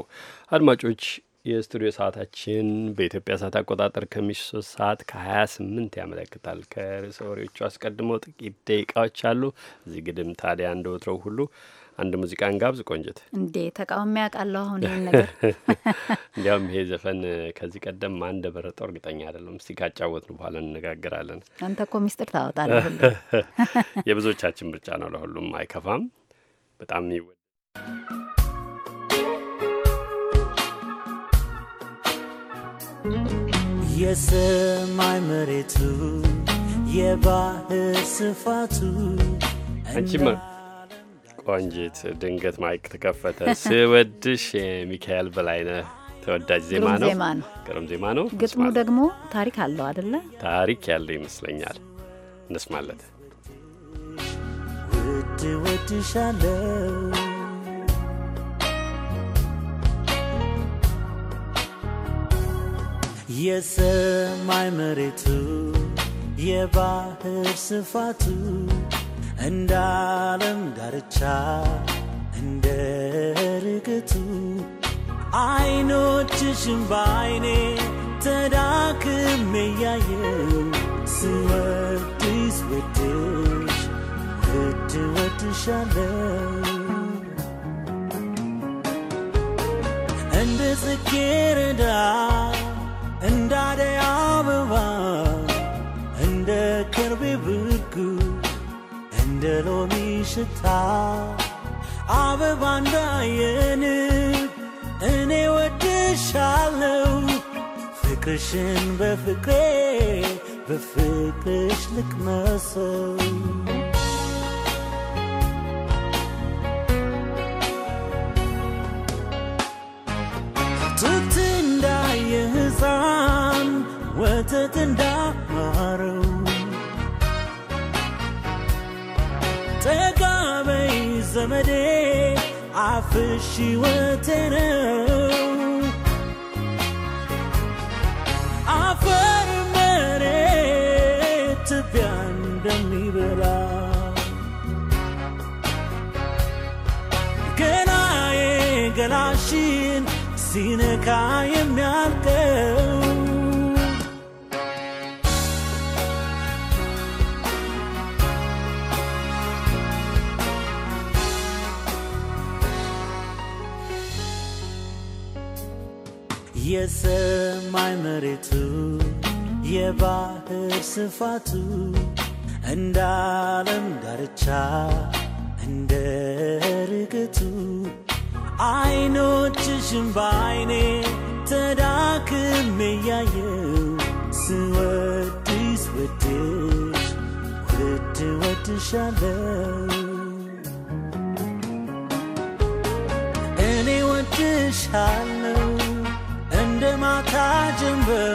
አድማጮች የስቱዲዮ ሰዓታችን በኢትዮጵያ ሰዓት አቆጣጠር ከምሽቱ ሶስት ሰዓት ከ28 ያመለክታል። ከርዕሰ ወሬዎቹ አስቀድመው ጥቂት ደቂቃዎች አሉ። እዚህ ግድም ታዲያ እንደወትረው ሁሉ አንድ ሙዚቃን ጋብዝ። ቆንጅት እንዴ ተቃውሞ ያውቃለሁ። አሁን ይህን ነገር እንዲያውም ይሄ ዘፈን ከዚህ ቀደም ማን እንደመረጠው እርግጠኛ አይደለም። እስቲ ካጫወትን በኋላ እንነጋገራለን። አንተ እኮ ሚስጥር ታወጣለህ። የብዙዎቻችን ምርጫ ነው። ለሁሉም አይከፋም። በጣም ይወ የሰማይ መሬቱ የባህር ስፋቱ አንቺ ቆንጂት ድንገት ማይክ ተከፈተ። ስወድሽ የሚካኤል በላይነህ ተወዳጅ ዜማ ነው። ግሩም ዜማ ነው። ግጥሙ ደግሞ ታሪክ አለው አደለ? ታሪክ ያለው ይመስለኛል። እንስማለት። ውድ ወድሻለው የሰማይ መሬቱ የባህር ስፋቱ እንደ ዓለም ዳርቻ እንደ ርግቱ አይኖችሽም በአይኔ ተዳክሜ እያየው ስወድስ ወድሽ እድ ወድሻለ እንደ ጽጌረዳ እንዳደ አበባ እንደ ከርቤ እንደ ሎሚ ሽታ አበባ እንዳየን እኔ ወድሻለው ፍቅርሽን በፍቅሬ በፍቅርሽ ልቅመሰው ጡት እንዳየ ሕፃን ወተት እንዳ ዘመዴ አፍሽ ሕይወቴ ነው አፈር መሬት ትቢያ እንደሚበላ ገላዬ ገላሽን ሲነካ የሚያልቀው የሰማይ መሬቱ የባህር ስፋቱ እንደ ዓለም ዳርቻ እንደ ርግቱ አይኖችሽን በአይኔ ተዳክሜ ያየው ስወድስ ወድሽ ውድ ወድሻለው እኔ ወድሻለ እንደ ማታ ጀንበር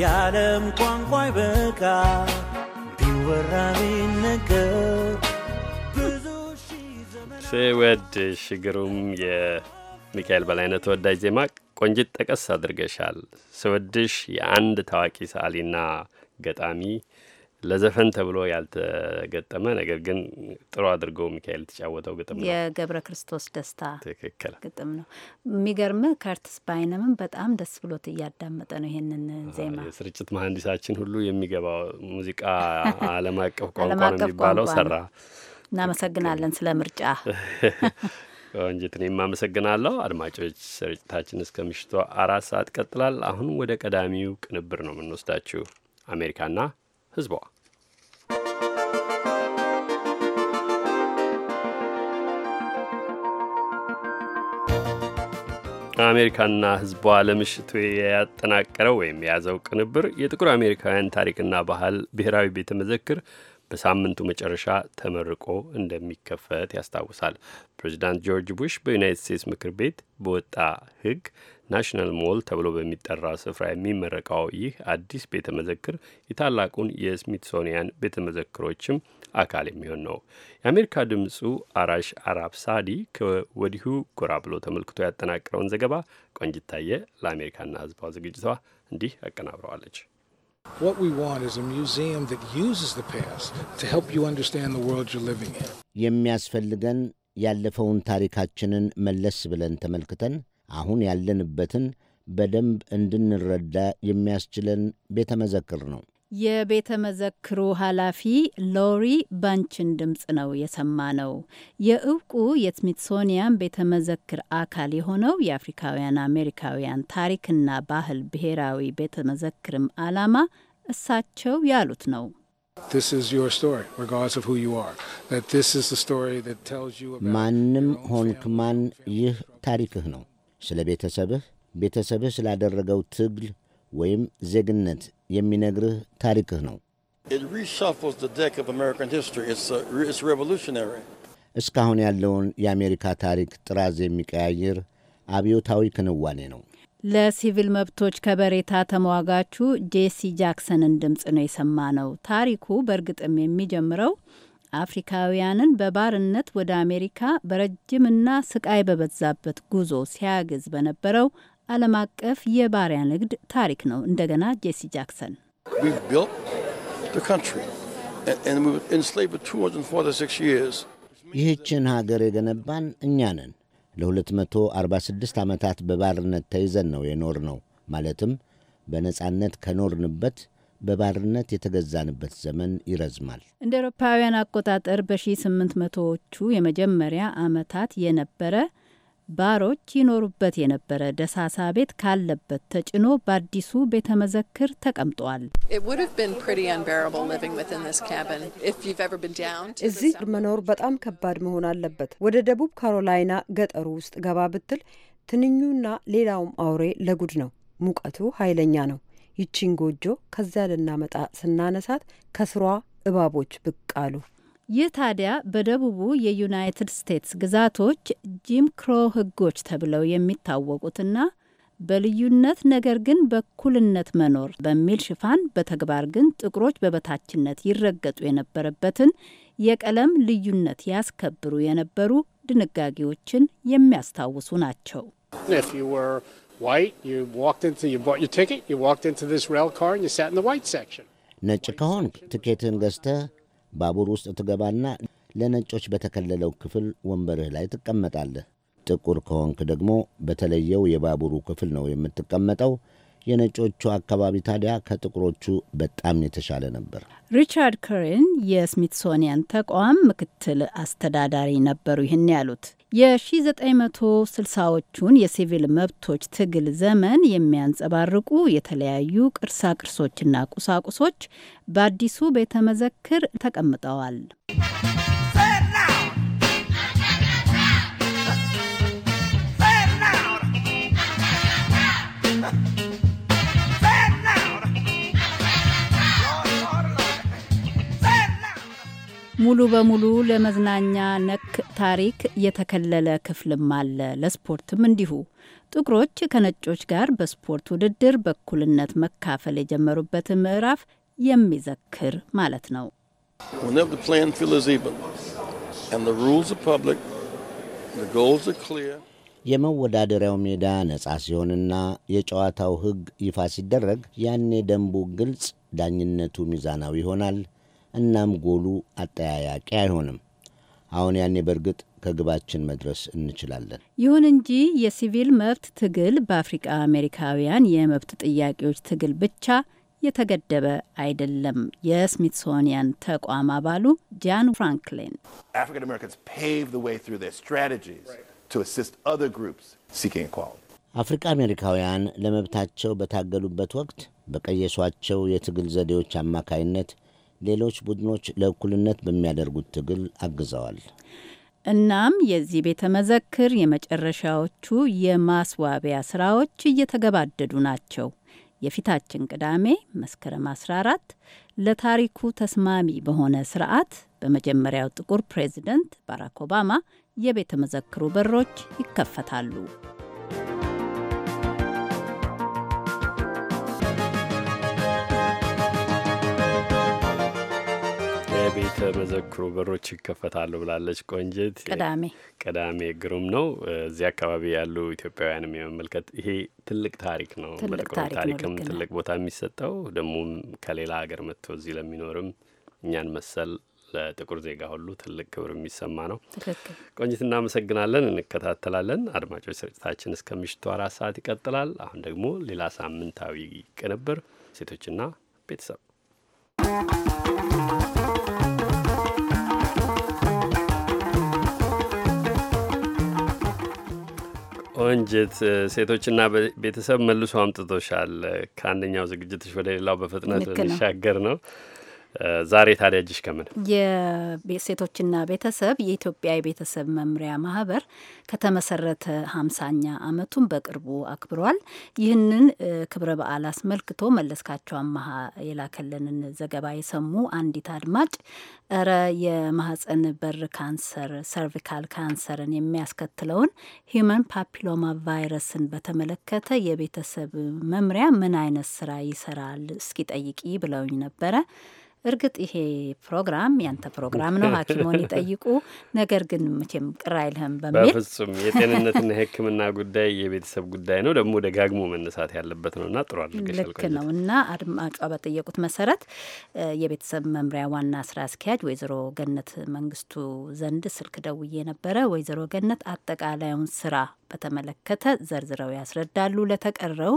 የዓለም ቋንቋ ይበቃ ቢወራ ቢነገር ብዙ ስወድሽ ሽግሩም የሚካኤል በላይነት ተወዳጅ ዜማ ቆንጅት ጠቀስ አድርገሻል። ስወድሽ የአንድ ታዋቂ ሰዓሊና ገጣሚ ለዘፈን ተብሎ ያልተገጠመ ነገር ግን ጥሩ አድርጎ ሚካኤል የተጫወተው ግጥም ነው። የገብረ ክርስቶስ ደስታ ትክክል ግጥም ነው። የሚገርም ከርትስ ባይነምም በጣም ደስ ብሎት እያዳመጠ ነው ይሄንን ዜማ። የስርጭት መሀንዲሳችን ሁሉ የሚገባው ሙዚቃ ዓለም አቀፍ ቋንቋ ነው የሚባለው ሰራ። እናመሰግናለን ስለ ምርጫ ቆንጅት። እኔም አመሰግናለሁ። አድማጮች ስርጭታችን እስከ ምሽቱ አራት ሰዓት ይቀጥላል። አሁን ወደ ቀዳሚው ቅንብር ነው የምንወስዳችሁ አሜሪካና ህዝቧ። አሜሪካና ህዝቧ ለምሽቱ ያጠናቀረው ወይም የያዘው ቅንብር የጥቁር አሜሪካውያን ታሪክና ባህል ብሔራዊ ቤተ መዘክር በሳምንቱ መጨረሻ ተመርቆ እንደሚከፈት ያስታውሳል። ፕሬዚዳንት ጆርጅ ቡሽ በዩናይትድ ስቴትስ ምክር ቤት በወጣ ህግ ናሽናል ሞል ተብሎ በሚጠራ ስፍራ የሚመረቀው ይህ አዲስ ቤተ መዘክር የታላቁን የስሚትሶኒያን ቤተ መዘክሮችም አካል የሚሆን ነው። የአሜሪካ ድምፁ አራሽ አራብ ሳዲ ከወዲሁ ጎራ ብሎ ተመልክቶ ያጠናቅረውን ዘገባ ቆንጅታየ ለአሜሪካና ሕዝቧ ዝግጅቷ እንዲህ አቀናብረዋለች። የሚያስፈልገን ያለፈውን ታሪካችንን መለስ ብለን ተመልክተን አሁን ያለንበትን በደንብ እንድንረዳ የሚያስችለን ቤተ መዘክር ነው። የቤተ መዘክሩ ኃላፊ ሎሪ ባንችን ድምፅ ነው የሰማ ነው። የእውቁ የስሚትሶኒያን ቤተ መዘክር አካል የሆነው የአፍሪካውያን አሜሪካውያን ታሪክና ባህል ብሔራዊ ቤተ መዘክርም ዓላማ እሳቸው ያሉት ነው። ማንም ሆንክ ማን ይህ ታሪክህ ነው ስለ ቤተሰብህ፣ ቤተሰብህ ስላደረገው ትግል ወይም ዜግነት የሚነግርህ ታሪክህ ነው። uh, እስካሁን ያለውን የአሜሪካ ታሪክ ጥራዝ የሚቀያይር አብዮታዊ ክንዋኔ ነው። ለሲቪል መብቶች ከበሬታ ተሟጋቹ ጄሲ ጃክሰንን ድምፅ ነው የሰማ ነው። ታሪኩ በእርግጥም የሚጀምረው አፍሪካውያንን በባርነት ወደ አሜሪካ በረጅምና ስቃይ በበዛበት ጉዞ ሲያግዝ በነበረው ዓለም አቀፍ የባሪያ ንግድ ታሪክ ነው። እንደገና ጄሲ ጃክሰን ይህችን ሀገር የገነባን እኛ ነን። ለ246 ዓመታት በባርነት ተይዘን ነው የኖር ነው። ማለትም በነጻነት ከኖርንበት በባርነት የተገዛንበት ዘመን ይረዝማል። እንደ አውሮፓውያን አቆጣጠር በ1800ዎቹ የመጀመሪያ ዓመታት የነበረ ባሮች ይኖሩበት የነበረ ደሳሳ ቤት ካለበት ተጭኖ በአዲሱ ቤተ መዘክር ተቀምጧል። እዚህ መኖር በጣም ከባድ መሆን አለበት። ወደ ደቡብ ካሮላይና ገጠሩ ውስጥ ገባ ብትል ትንኙና ሌላውም አውሬ ለጉድ ነው። ሙቀቱ ኃይለኛ ነው። ይቺን ጎጆ ከዚያ ልናመጣ ስናነሳት ከስሯ እባቦች ብቅ አሉ። ይህ ታዲያ በደቡቡ የዩናይትድ ስቴትስ ግዛቶች ጂም ክሮ ሕጎች ተብለው የሚታወቁትና በልዩነት ነገር ግን በእኩልነት መኖር በሚል ሽፋን በተግባር ግን ጥቁሮች በበታችነት ይረገጡ የነበረበትን የቀለም ልዩነት ያስከብሩ የነበሩ ድንጋጌዎችን የሚያስታውሱ ናቸው። white, you walked into, you bought your ticket, you walked into this rail car and you sat in the white section. ነጭ ከሆንክ ትኬትን ገዝተህ ባቡር ውስጥ ትገባና ለነጮች በተከለለው ክፍል ወንበርህ ላይ ትቀመጣለህ። ጥቁር ከሆንክ ደግሞ በተለየው የባቡሩ ክፍል ነው የምትቀመጠው። የነጮቹ አካባቢ ታዲያ ከጥቁሮቹ በጣም የተሻለ ነበር። ሪቻርድ ከሪን የስሚትሶኒያን ተቋም ምክትል አስተዳዳሪ ነበሩ። ይህን ያሉት የ1960ዎቹን የሲቪል መብቶች ትግል ዘመን የሚያንጸባርቁ የተለያዩ ቅርሳ ቅርሶችና ቁሳቁሶች በአዲሱ ቤተ መዘክር ተቀምጠዋል። ሙሉ በሙሉ ለመዝናኛ ነክ ታሪክ የተከለለ ክፍልም አለ። ለስፖርትም እንዲሁ ጥቁሮች ከነጮች ጋር በስፖርት ውድድር በእኩልነት መካፈል የጀመሩበትን ምዕራፍ የሚዘክር ማለት ነው። የመወዳደሪያው ሜዳ ነጻ ሲሆንና የጨዋታው ሕግ ይፋ ሲደረግ ያኔ ደንቡ ግልጽ፣ ዳኝነቱ ሚዛናዊ ይሆናል። እናም ጎሉ አጠያያቂ አይሆንም። አሁን ያኔ በእርግጥ ከግባችን መድረስ እንችላለን። ይሁን እንጂ የሲቪል መብት ትግል በአፍሪቃ አሜሪካውያን የመብት ጥያቄዎች ትግል ብቻ የተገደበ አይደለም። የስሚትሶኒያን ተቋም አባሉ ጃን ፍራንክሊን አፍሪቃ አሜሪካውያን ለመብታቸው በታገሉበት ወቅት በቀየሷቸው የትግል ዘዴዎች አማካይነት ሌሎች ቡድኖች ለእኩልነት በሚያደርጉት ትግል አግዘዋል። እናም የዚህ ቤተ መዘክር የመጨረሻዎቹ የማስዋቢያ ስራዎች እየተገባደዱ ናቸው። የፊታችን ቅዳሜ መስከረም 14 ለታሪኩ ተስማሚ በሆነ ስርዓት በመጀመሪያው ጥቁር ፕሬዚደንት ባራክ ኦባማ የቤተ መዘክሩ በሮች ይከፈታሉ። ቤተ በሮች ይከፈታሉ ብላለች ቆንጅት። ቅዳሜ ቅዳሜ ግሩም ነው። እዚህ አካባቢ ያሉ ኢትዮጵያውያንም የመመልከት ይሄ ትልቅ ታሪክ ነው። ታሪክም ትልቅ ቦታ የሚሰጠው ደግሞ ከሌላ ሀገር መጥቶ እዚህ ለሚኖርም እኛን መሰል ለጥቁር ዜጋ ሁሉ ትልቅ ክብር የሚሰማ ነው። ቆንጅት እናመሰግናለን። እንከታተላለን። አድማጮች፣ ስርጭታችን እስከ ምሽቱ አራት ሰዓት ይቀጥላል። አሁን ደግሞ ሌላ ሳምንታዊ ቅንብር ሴቶችና ቤተሰብ ቆንጅት ሴቶችና ቤተሰብ መልሶ አምጥቶሻል። ከአንደኛው ዝግጅትሽ ወደ ሌላው በፍጥነት ልሻገር ነው። ዛሬ ታዲያ እጅሽ ከምን የሴቶችና ቤተሰብ የኢትዮጵያ የቤተሰብ መምሪያ ማህበር ከተመሰረተ ሀምሳኛ አመቱን በቅርቡ አክብሯል። ይህንን ክብረ በዓል አስመልክቶ መለስካቸው አመሀ የላከልንን ዘገባ የሰሙ አንዲት አድማጭ እረ የማህፀን በር ካንሰር ሰርቪካል ካንሰርን የሚያስከትለውን ሂዩማን ፓፒሎማ ቫይረስን በተመለከተ የቤተሰብ መምሪያ ምን አይነት ስራ ይሰራል እስኪ ጠይቂ ብለውኝ ነበረ። እርግጥ ይሄ ፕሮግራም ያንተ ፕሮግራም ነው፣ ሐኪሞን ይጠይቁ። ነገር ግን መቼም ቅር አይልህም በሚል በፍጹም የጤንነትና የሕክምና ጉዳይ የቤተሰብ ጉዳይ ነው፣ ደግሞ ደጋግሞ መነሳት ያለበት እና ጥሩ አድርገሽ ልክ ነው እና አድማጯ በጠየቁት መሰረት የቤተሰብ መምሪያ ዋና ስራ አስኪያጅ ወይዘሮ ገነት መንግስቱ ዘንድ ስልክ ደውዬ ነበረ። ወይዘሮ ገነት አጠቃላዩን ስራ በተመለከተ ዘርዝረው ያስረዳሉ። ለተቀረው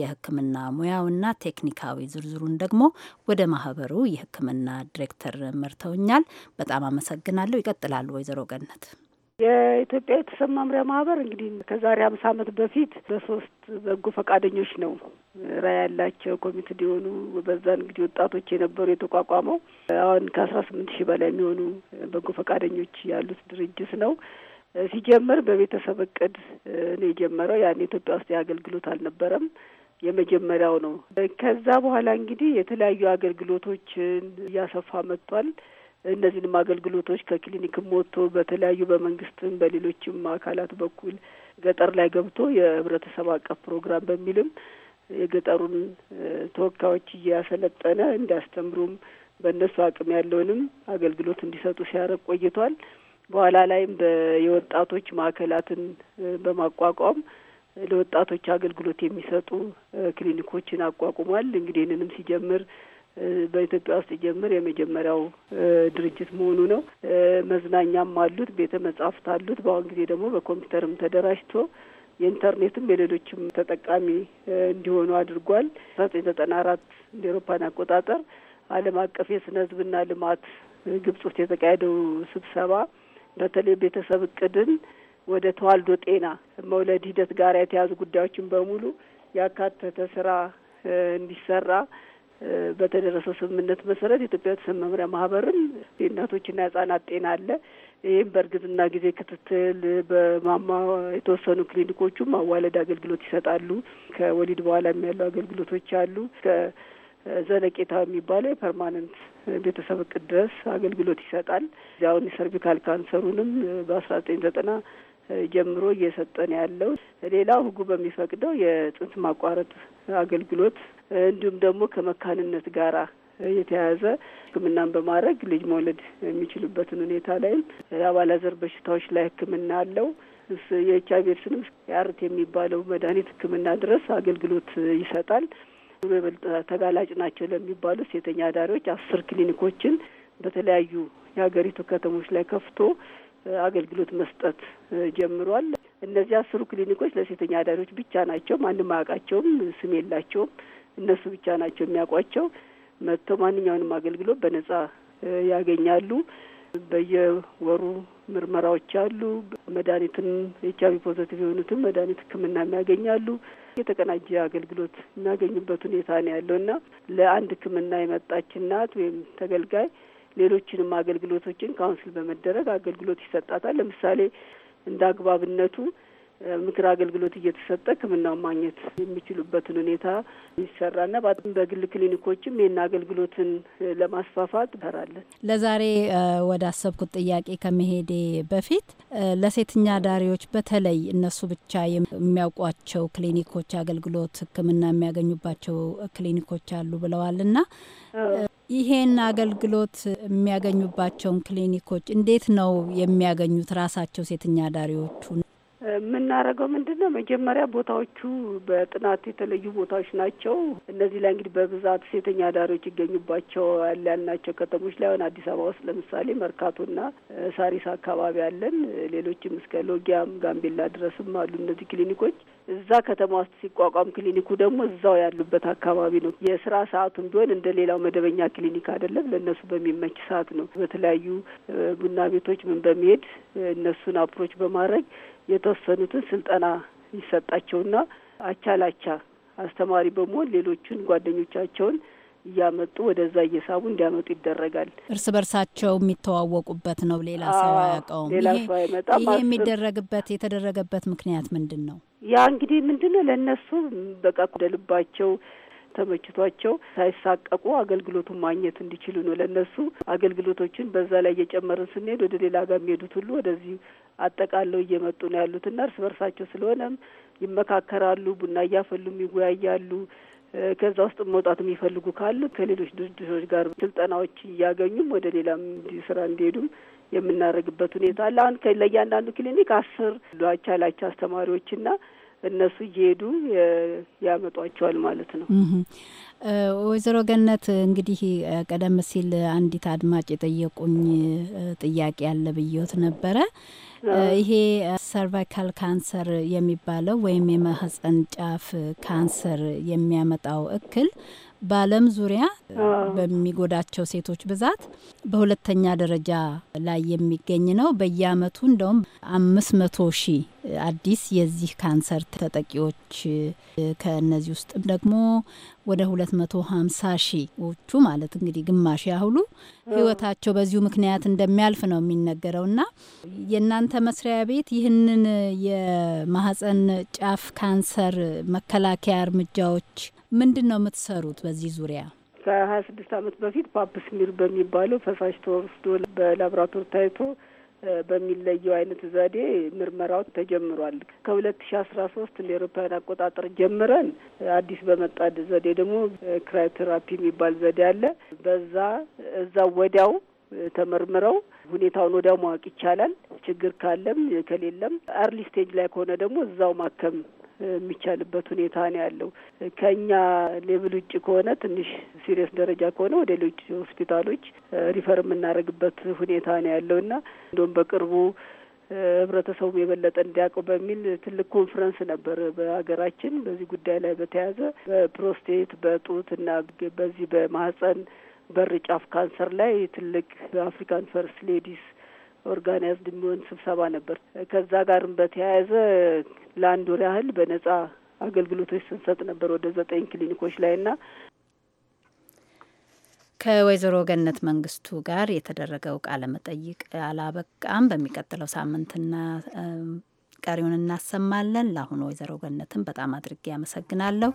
የሕክምና ሙያውና ቴክኒካዊ ዝርዝሩን ደግሞ ወደ ማህበሩ የሕክምና ዲሬክተር መርተውኛል። በጣም አመሰግናለሁ። ይቀጥላሉ ወይዘሮ ገነት። የኢትዮጵያ የተሰማ ማህበር እንግዲህ ከዛሬ አምሳ ዓመት በፊት በሶስት በጎ ፈቃደኞች ነው ራ ያላቸው ኮሚቴ የሆኑ በዛ እንግዲህ ወጣቶች የነበሩ የተቋቋመው አሁን ከአስራ ስምንት ሺህ በላይ የሚሆኑ በጎ ፈቃደኞች ያሉት ድርጅት ነው። ሲጀመር በቤተሰብ እቅድ ነው የጀመረው። ያን ኢትዮጵያ ውስጥ የአገልግሎት አልነበረም። የመጀመሪያው ነው። ከዛ በኋላ እንግዲህ የተለያዩ አገልግሎቶችን እያሰፋ መጥቷል። እነዚህንም አገልግሎቶች ከክሊኒክም ወጥቶ በተለያዩ በመንግስትም በሌሎችም አካላት በኩል ገጠር ላይ ገብቶ የህብረተሰብ አቀፍ ፕሮግራም በሚልም የገጠሩን ተወካዮች እያሰለጠነ እንዲያስተምሩም በእነሱ አቅም ያለውንም አገልግሎት እንዲሰጡ ሲያደርግ ቆይቷል። በኋላ ላይም የወጣቶች ማዕከላትን በማቋቋም ለወጣቶች አገልግሎት የሚሰጡ ክሊኒኮችን አቋቁሟል። እንግዲህ ይህንንም ሲጀምር በኢትዮጵያ ውስጥ ጀምር የመጀመሪያው ድርጅት መሆኑ ነው። መዝናኛም አሉት፣ ቤተ መጻሕፍት አሉት። በአሁን ጊዜ ደግሞ በኮምፒውተርም ተደራጅቶ የኢንተርኔትም የሌሎችም ተጠቃሚ እንዲሆኑ አድርጓል። ዘጠኝ ዘጠና አራት እንደ ኤሮፓን አቆጣጠር ዓለም አቀፍ የስነ ህዝብና ልማት ግብጽ ውስጥ የተካሄደው ስብሰባ በተለይ ቤተሰብ እቅድን ወደ ተዋልዶ ጤና መውለድ ሂደት ጋር የተያዙ ጉዳዮችን በሙሉ ያካተተ ስራ እንዲሰራ በተደረሰው ስምምነት መሰረት የኢትዮጵያ ቤተሰብ መምሪያ ማህበርም የእናቶችና የህጻናት ጤና አለ። ይህም በእርግዝና ጊዜ ክትትል በማማ የተወሰኑ ክሊኒኮቹም ማዋለድ አገልግሎት ይሰጣሉ። ከወሊድ በኋላም ያሉ አገልግሎቶች አሉ። ዘለቄታ የሚባለው የፐርማነንት ቤተሰብ እቅድ ድረስ አገልግሎት ይሰጣል። አሁን የሰርቪካል ካንሰሩንም በአስራ ዘጠኝ ዘጠና ጀምሮ እየሰጠን ያለው ሌላው ህጉ በሚፈቅደው የጽንስ ማቋረጥ አገልግሎት እንዲሁም ደግሞ ከመካንነት ጋራ የተያያዘ ሕክምናን በማድረግ ልጅ መውለድ የሚችሉበትን ሁኔታ ላይም የአባላዘር በሽታዎች ላይ ሕክምና አለው። የኤች አይቪ ኤድስንም ያርት የሚባለው መድኃኒት ሕክምና ድረስ አገልግሎት ይሰጣል። ተጋላጭ ናቸው ለሚባሉ ሴተኛ አዳሪዎች አስር ክሊኒኮችን በተለያዩ የሀገሪቱ ከተሞች ላይ ከፍቶ አገልግሎት መስጠት ጀምሯል። እነዚህ አስሩ ክሊኒኮች ለሴተኛ አዳሪዎች ብቻ ናቸው። ማንም አያውቃቸውም፣ ስም የላቸውም። እነሱ ብቻ ናቸው የሚያውቋቸው። መጥተው ማንኛውንም አገልግሎት በነጻ ያገኛሉ። በየወሩ ምርመራዎች አሉ። መድኃኒትን ኤች አይቪ ፖዘቲቭ የሆኑትም መድኃኒት ሕክምና ያገኛሉ። የተቀናጀ አገልግሎት የሚያገኙበት ሁኔታ ነው ያለው እና ለአንድ ሕክምና የመጣች እናት ወይም ተገልጋይ ሌሎችንም አገልግሎቶችን ካውንስል በመደረግ አገልግሎት ይሰጣታል። ለምሳሌ እንደ አግባብነቱ ምክር አገልግሎት እየተሰጠ ሕክምናውን ማግኘት የሚችሉበትን ሁኔታ ይሰራና በግል ክሊኒኮችም ይህን አገልግሎትን ለማስፋፋት እንሰራለን። ለዛሬ ወደ አሰብኩት ጥያቄ ከመሄዴ በፊት ለሴተኛ ዳሪዎች በተለይ እነሱ ብቻ የሚያውቋቸው ክሊኒኮች አገልግሎት ሕክምና የሚያገኙባቸው ክሊኒኮች አሉ ብለዋልና ይሄን አገልግሎት የሚያገኙባቸውን ክሊኒኮች እንዴት ነው የሚያገኙት? ራሳቸው ሴተኛ ዳሪዎቹ የምናደርገው ምንድን ነው? መጀመሪያ ቦታዎቹ በጥናት የተለዩ ቦታዎች ናቸው። እነዚህ ላይ እንግዲህ በብዛት ሴተኛ አዳሪዎች ይገኙባቸው ያልናቸው ከተሞች ላይ አሁን አዲስ አበባ ውስጥ ለምሳሌ መርካቶና ሳሪስ አካባቢ አለን። ሌሎችም እስከ ሎጊያም ጋምቤላ ድረስም አሉ እነዚህ ክሊኒኮች። እዛ ከተማ ውስጥ ሲቋቋም ክሊኒኩ ደግሞ እዛው ያሉበት አካባቢ ነው። የስራ ሰዓቱም ቢሆን እንደ ሌላው መደበኛ ክሊኒክ አይደለም። ለእነሱ በሚመች ሰዓት ነው። በተለያዩ ቡና ቤቶች ምን በመሄድ እነሱን አፕሮች በማድረግ የተወሰኑትን ስልጠና ይሰጣቸውና አቻላቻ አስተማሪ በመሆን ሌሎቹን ጓደኞቻቸውን እያመጡ ወደዛ እየሳቡ እንዲያመጡ ይደረጋል። እርስ በርሳቸው የሚተዋወቁበት ነው። ሌላ ሰው አያውቀውም። ሌላ ሰው አይመጣም። ይሄ የሚደረግበት የተደረገበት ምክንያት ምንድን ነው? ያ እንግዲህ ምንድን ነው ለእነሱ በቃ ወደ ተመችቷቸው ሳይሳቀቁ አገልግሎቱን ማግኘት እንዲችሉ ነው። ለእነሱ አገልግሎቶችን በዛ ላይ እየጨመርን ስንሄድ ወደ ሌላ ጋር የሚሄዱት ሁሉ ወደዚህ አጠቃለው እየመጡ ነው ያሉትና እርስ በርሳቸው ስለሆነም ይመካከራሉ። ቡና እያፈሉ ይወያያሉ። ከዛ ውስጥ መውጣት የሚፈልጉ ካሉ ከሌሎች ድርጅቶች ጋር ስልጠናዎች እያገኙም ወደ ሌላም ስራ እንዲሄዱም የምናደርግበት ሁኔታ አለ። አሁን ለእያንዳንዱ ክሊኒክ አስር ላቻ ላቻ አስተማሪዎችና እነሱ እየሄዱ ያመጧቸዋል ማለት ነው። ወይዘሮ ገነት እንግዲህ ቀደም ሲል አንዲት አድማጭ የጠየቁኝ ጥያቄ ያለ ብዮት ነበረ። ይሄ ሰርቫይካል ካንሰር የሚባለው ወይም የማህጸን ጫፍ ካንሰር የሚያመጣው እክል በዓለም ዙሪያ በሚጎዳቸው ሴቶች ብዛት በሁለተኛ ደረጃ ላይ የሚገኝ ነው። በየአመቱ እንደውም አምስት መቶ ሺህ አዲስ የዚህ ካንሰር ተጠቂዎች ከእነዚህ ውስጥም ደግሞ ወደ ሁለት መቶ ሀምሳ ሺዎቹ ማለት እንግዲህ ግማሽ ያህሉ ህይወታቸው በዚሁ ምክንያት እንደሚያልፍ ነው የሚነገረው እና የእናንተ መስሪያ ቤት ይህንን የማህፀን ጫፍ ካንሰር መከላከያ እርምጃዎች ምንድን ነው የምትሰሩት በዚህ ዙሪያ? ከሀያ ስድስት አመት በፊት ፓፕስ ሚል በሚባለው ፈሳሽ ተወስዶ በላብራቶሪ ታይቶ በሚለየው አይነት ዘዴ ምርመራው ተጀምሯል። ከሁለት ሺ አስራ ሶስት እንደ አቆጣጠር ጀምረን አዲስ በመጣ ዘዴ ደግሞ ክራዮቴራፒ የሚባል ዘዴ አለ። በዛ እዛ ወዲያው ተመርምረው ሁኔታውን ወዲያው ማወቅ ይቻላል። ችግር ካለም ከሌለም፣ አርሊ ስቴጅ ላይ ከሆነ ደግሞ እዛው ማከም የሚቻልበት ሁኔታ ነው ያለው። ከእኛ ሌብል ውጭ ከሆነ ትንሽ ሲሪየስ ደረጃ ከሆነ ወደ ሌሎች ሆስፒታሎች ሪፈር የምናደርግበት ሁኔታ ነው ያለው እና እንዲሁም በቅርቡ ህብረተሰቡ የበለጠ እንዲያውቀው በሚል ትልቅ ኮንፈረንስ ነበር በሀገራችን በዚህ ጉዳይ ላይ በተያያዘ በፕሮስቴት በጡት እና በዚህ በማህፀን በር ጫፍ ካንሰር ላይ ትልቅ አፍሪካን ፈርስት ሌዲስ ኦርጋናይዝድ የሚሆን ስብሰባ ነበር። ከዛ ጋርም በተያያዘ ለአንድ ወር ያህል በነጻ አገልግሎቶች ስንሰጥ ነበር ወደ ዘጠኝ ክሊኒኮች ላይና ከወይዘሮ ገነት መንግስቱ ጋር የተደረገው ቃለ መጠይቅ አላበቃም። በሚቀጥለው ሳምንትና ቀሪውን እናሰማለን። ለአሁኑ ወይዘሮ ገነትን በጣም አድርጌ አመሰግናለሁ።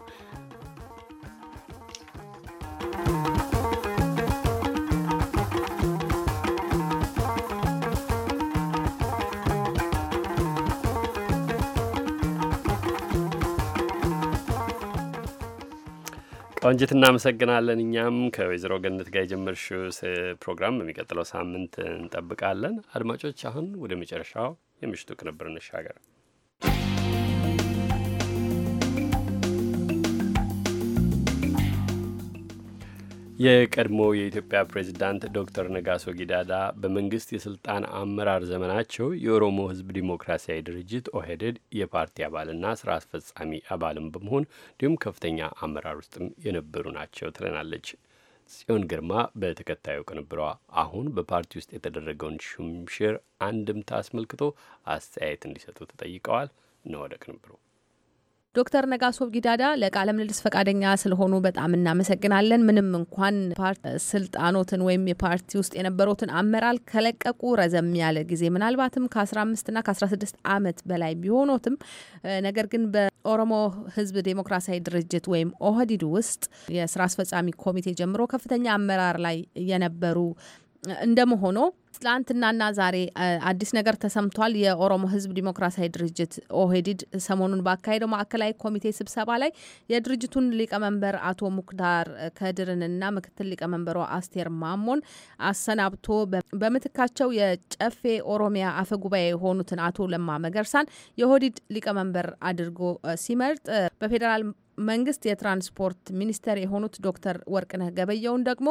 ቆንጅት፣ እናመሰግናለን። እኛም ከወይዘሮ ገነት ጋር የጀመርሽው ፕሮግራም በሚቀጥለው ሳምንት እንጠብቃለን። አድማጮች፣ አሁን ወደ መጨረሻው የምሽቱ ቅንብር እንሻገር። የቀድሞ የኢትዮጵያ ፕሬዚዳንት ዶክተር ነጋሶ ጊዳዳ በመንግስት የስልጣን አመራር ዘመናቸው የኦሮሞ ህዝብ ዲሞክራሲያዊ ድርጅት ኦህዴድ የፓርቲ አባልና ስራ አስፈጻሚ አባልም በመሆን እንዲሁም ከፍተኛ አመራር ውስጥም የነበሩ ናቸው ትለናለች ጽዮን ግርማ በተከታዩ ቅንብሯ። አሁን በፓርቲ ውስጥ የተደረገውን ሹምሽር አንድምታ አስመልክቶ አስተያየት እንዲሰጡ ተጠይቀዋል። ነው ወደ ቅንብሩ ዶክተር ነጋሶ ጊዳዳ ለቃለ ምልልስ ፈቃደኛ ስለሆኑ በጣም እናመሰግናለን። ምንም እንኳን ስልጣኖትን ወይም የፓርቲ ውስጥ የነበሩትን አመራር ከለቀቁ ረዘም ያለ ጊዜ ምናልባትም ከ15 እና ከ16 ዓመት በላይ ቢሆኖትም ነገር ግን በኦሮሞ ሕዝብ ዴሞክራሲያዊ ድርጅት ወይም ኦህዲድ ውስጥ የስራ አስፈጻሚ ኮሚቴ ጀምሮ ከፍተኛ አመራር ላይ የነበሩ እንደመሆኖ ትላንትናና ዛሬ አዲስ ነገር ተሰምቷል። የኦሮሞ ሕዝብ ዲሞክራሲያዊ ድርጅት ኦህዴድ ሰሞኑን ባካሄደው ማዕከላዊ ኮሚቴ ስብሰባ ላይ የድርጅቱን ሊቀመንበር አቶ ሙክታር ከድርንና ምክትል ሊቀመንበሩ አስቴር ማሞን አሰናብቶ በምትካቸው የጨፌ ኦሮሚያ አፈ ጉባኤ የሆኑትን አቶ ለማ መገርሳን የኦህዴድ ሊቀመንበር አድርጎ ሲመርጥ በፌዴራል መንግስት የትራንስፖርት ሚኒስተር የሆኑት ዶክተር ወርቅነህ ገበየውን ደግሞ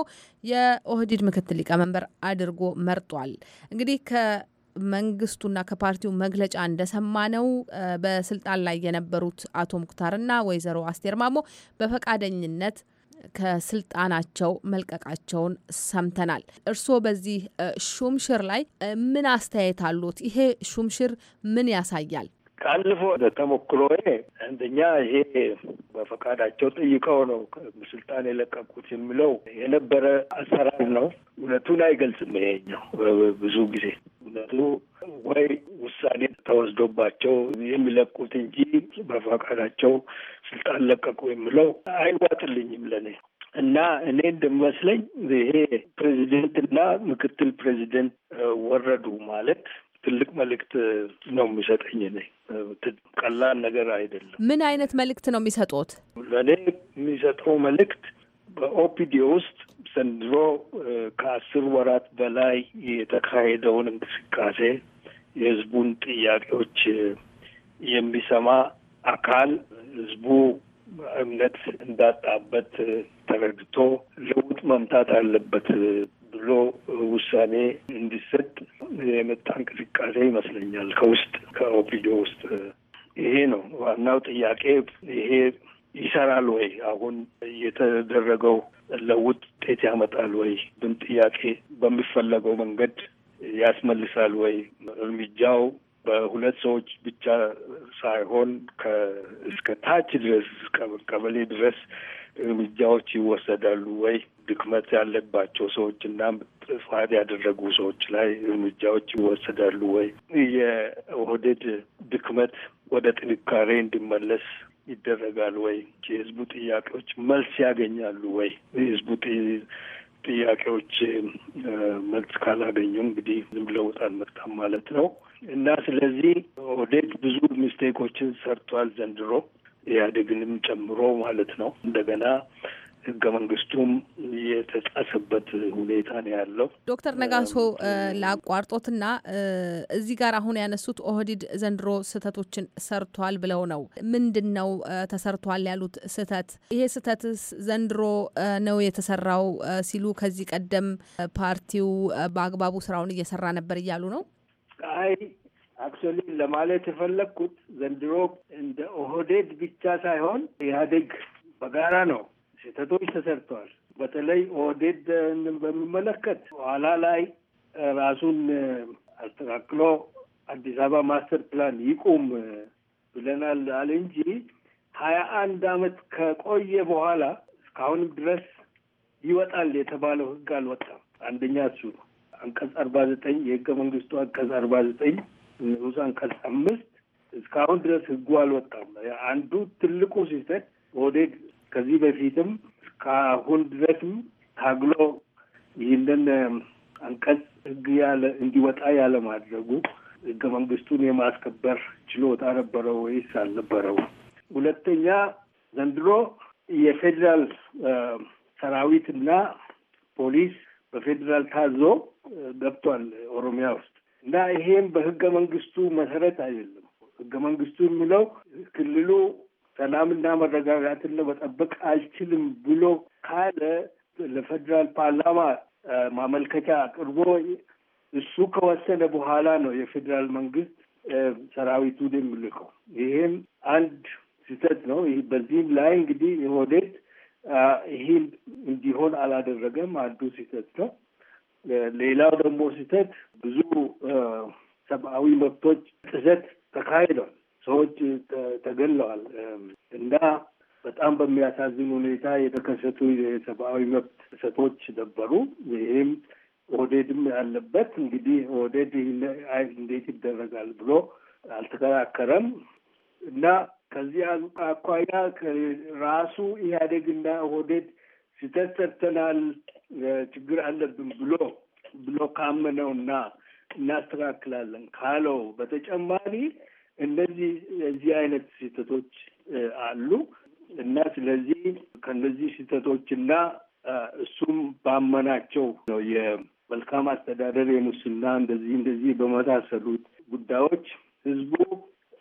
የኦህዲድ ምክትል ሊቀመንበር አድርጎ መርጧል። እንግዲህ ከመንግስቱና ከፓርቲው መግለጫ እንደሰማነው በስልጣን ላይ የነበሩት አቶ ሙክታርና ወይዘሮ አስቴር ማሞ በፈቃደኝነት ከስልጣናቸው መልቀቃቸውን ሰምተናል። እርስዎ በዚህ ሹምሽር ላይ ምን አስተያየት አሉት? ይሄ ሹምሽር ምን ያሳያል? ቃልፎ ተሞክሮዬ አንደኛ ይሄ በፈቃዳቸው ጠይቀው ነው ስልጣን የለቀቁት የሚለው የነበረ አሰራር ነው። እውነቱን አይገልጽም። ይሄኛው ብዙ ጊዜ እውነቱ ወይ ውሳኔ ተወስዶባቸው የሚለቁት እንጂ በፈቃዳቸው ስልጣን ለቀቁ የሚለው አይዋጥልኝም ለእኔ እና እኔ እንደሚመስለኝ ይሄ ፕሬዚደንትና ምክትል ፕሬዚደንት ወረዱ ማለት ትልቅ መልእክት ነው የሚሰጠኝ። እኔ ቀላል ነገር አይደለም። ምን አይነት መልእክት ነው የሚሰጡት? ለእኔ የሚሰጠው መልእክት በኦፒዲ ውስጥ ዘንድሮ ከአስር ወራት በላይ የተካሄደውን እንቅስቃሴ የህዝቡን ጥያቄዎች የሚሰማ አካል ህዝቡ እምነት እንዳጣበት ተረድቶ ለውጥ መምታት አለበት ብሎ ውሳኔ እንዲሰጥ የመጣ እንቅስቃሴ ይመስለኛል ከውስጥ ከኦፒዶ ውስጥ። ይሄ ነው ዋናው ጥያቄ። ይሄ ይሰራል ወይ? አሁን የተደረገው ለውጥ ውጤት ያመጣል ወይ? ብን ጥያቄ በሚፈለገው መንገድ ያስመልሳል ወይ? እርምጃው በሁለት ሰዎች ብቻ ሳይሆን እስከ ታች ድረስ ቀበሌ ድረስ እርምጃዎች ይወሰዳሉ ወይ? ድክመት ያለባቸው ሰዎች እና ጥፋት ያደረጉ ሰዎች ላይ እርምጃዎች ይወሰዳሉ ወይ? የኦህዴድ ድክመት ወደ ጥንካሬ እንዲመለስ ይደረጋል ወይ? የህዝቡ ጥያቄዎች መልስ ያገኛሉ ወይ? የህዝቡ ጥያቄዎች መልስ ካላገኙ እንግዲህ ዝም ለውጥ አልመጣም ማለት ነው። እና ስለዚህ ኦህዴድ ብዙ ሚስቴኮችን ሰርቷል ዘንድሮ ኢህአዴግንም ጨምሮ ማለት ነው። እንደገና ህገ መንግስቱም የተጣሰበት ሁኔታ ነው ያለው። ዶክተር ነጋሶ ለአቋርጦትና እዚህ ጋር አሁን ያነሱት ኦህዲድ ዘንድሮ ስህተቶችን ሰርቷል ብለው ነው። ምንድን ነው ተሰርቷል ያሉት ስህተት? ይሄ ስህተት ዘንድሮ ነው የተሰራው ሲሉ ከዚህ ቀደም ፓርቲው በአግባቡ ስራውን እየሰራ ነበር እያሉ ነው። አይ አክቹዋሊ ለማለት የፈለግኩት ዘንድሮ እንደ ኦህዴድ ብቻ ሳይሆን ኢህአዴግ በጋራ ነው። ስህተቶች ተሰርተዋል። በተለይ ኦህዴድ በሚመለከት ኋላ ላይ ራሱን አስተካክሎ አዲስ አበባ ማስተር ፕላን ይቁም ብለናል አለ እንጂ ሀያ አንድ አመት ከቆየ በኋላ እስካሁንም ድረስ ይወጣል የተባለው ህግ አልወጣም። አንደኛ እሱ ነው። አንቀጽ አርባ ዘጠኝ የህገ መንግስቱ አንቀጽ አርባ ዘጠኝ ንዑስ አንቀጽ አምስት እስካሁን ድረስ ህጉ አልወጣም። አንዱ ትልቁ ሲሰት ኦህዴድ ከዚህ በፊትም እስካሁን ድረስም ታግሎ ይህንን አንቀጽ ህግ ያለ እንዲወጣ ያለማድረጉ ህገ መንግስቱን የማስከበር ችሎታ ነበረው ወይስ አልነበረው? ሁለተኛ ዘንድሮ የፌዴራል ሰራዊትና ፖሊስ በፌዴራል ታዞ ገብቷል ኦሮሚያ ውስጥ እና ይሄም በህገ መንግስቱ መሰረት አይደለም። ህገ መንግስቱ የሚለው ክልሉ ሰላምና መረጋጋትን ለመጠበቅ አልችልም ብሎ ካለ ለፌዴራል ፓርላማ ማመልከቻ አቅርቦ እሱ ከወሰነ በኋላ ነው የፌዴራል መንግስት ሰራዊቱን የሚልከው። ይህም አንድ ስህተት ነው። በዚህም ላይ እንግዲህ ኦህዴድ ይህን እንዲሆን አላደረገም። አንዱ ስህተት ነው። ሌላው ደግሞ ስህተት ብዙ ሰብአዊ መብቶች ጥሰት ተካሂዷል። ሰዎች ተገለዋል እና በጣም በሚያሳዝን ሁኔታ የተከሰቱ የሰብአዊ መብት ጥሰቶች ነበሩ። ይህም ኦህዴድም ያለበት እንግዲህ ኦህዴድ እንዴት ይደረጋል ብሎ አልተከራከረም እና ከዚህ አኳያ ራሱ ኢህአዴግ እና ኦህዴድ ስህተት ሰርተናል፣ ችግር አለብን ብሎ ብሎ ካመነውና እናስተካክላለን ካለው በተጨማሪ እነዚህ እዚህ አይነት ስህተቶች አሉ እና ስለዚህ ከነዚህ ስህተቶችና እሱም ባመናቸው ነው የመልካም አስተዳደር የሙስና እንደዚህ እንደዚህ በመሳሰሉት ጉዳዮች ህዝቡ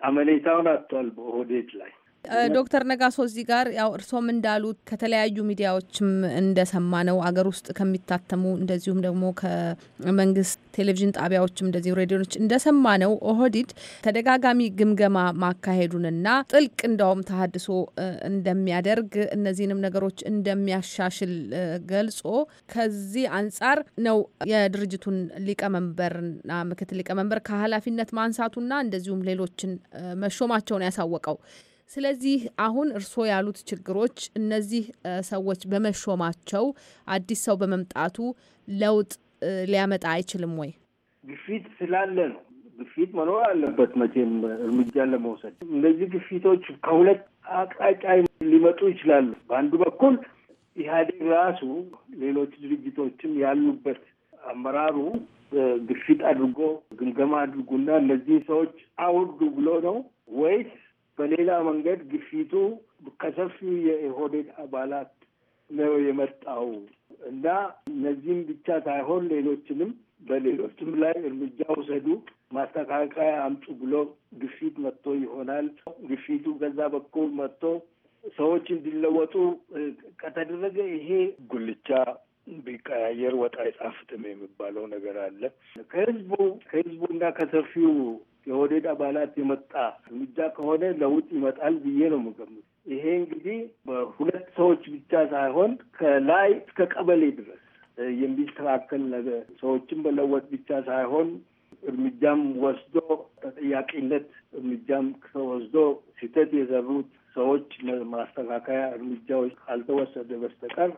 አመኔታውን አጥቷል በኦህዴድ ላይ ዶክተር ነጋሶ እዚህ ጋር ያው እርሶም እንዳሉት ከተለያዩ ሚዲያዎችም እንደሰማ ነው አገር ውስጥ ከሚታተሙ እንደዚሁም ደግሞ ከመንግስት ቴሌቪዥን ጣቢያዎችም እንደዚሁ ሬዲዮች እንደሰማ ነው ኦህዲድ ተደጋጋሚ ግምገማ ማካሄዱንና ጥልቅ እንዳውም ተሀድሶ እንደሚያደርግ እነዚህንም ነገሮች እንደሚያሻሽል ገልጾ ከዚህ አንጻር ነው የድርጅቱን ሊቀመንበርና ምክትል ሊቀመንበር ከኃላፊነት ማንሳቱና እንደዚሁም ሌሎችን መሾማቸውን ያሳወቀው። ስለዚህ አሁን እርስዎ ያሉት ችግሮች እነዚህ ሰዎች በመሾማቸው አዲስ ሰው በመምጣቱ ለውጥ ሊያመጣ አይችልም ወይ? ግፊት ስላለ ነው። ግፊት መኖር አለበት መቼም እርምጃን ለመውሰድ። እነዚህ ግፊቶች ከሁለት አቅጣጫ ሊመጡ ይችላሉ። በአንዱ በኩል ኢህአዴግ ራሱ ሌሎች ድርጅቶችም ያሉበት አመራሩ ግፊት አድርጎ ግምገማ አድርጉና እነዚህ ሰዎች አውርዱ ብሎ ነው ወይስ በሌላ መንገድ ግፊቱ ከሰፊው የኦህዴድ አባላት ነው የመጣው እና እነዚህም ብቻ ሳይሆን ሌሎችንም በሌሎችም ላይ እርምጃ ውሰዱ፣ ማስተካከያ አምጡ ብሎ ግፊት መጥቶ ይሆናል። ግፊቱ ከዛ በኩል መጥቶ ሰዎች እንዲለወጡ ከተደረገ ይሄ ጉልቻ ቢቀያየር ወጥ አይጣፍጥም የሚባለው ነገር አለ። ከህዝቡ እና ከሰፊው የኦህዴድ አባላት የመጣ እርምጃ ከሆነ ለውጥ ይመጣል ብዬ ነው የምገምት። ይሄ እንግዲህ በሁለት ሰዎች ብቻ ሳይሆን ከላይ እስከ ቀበሌ ድረስ የሚስተካከል ነገር ሰዎችን በለወጥ ብቻ ሳይሆን እርምጃም ወስዶ ተጠያቂነት እርምጃም ወስዶ ስህተት የሰሩት ሰዎች ማስተካከያ እርምጃዎች ካልተወሰደ በስተቀር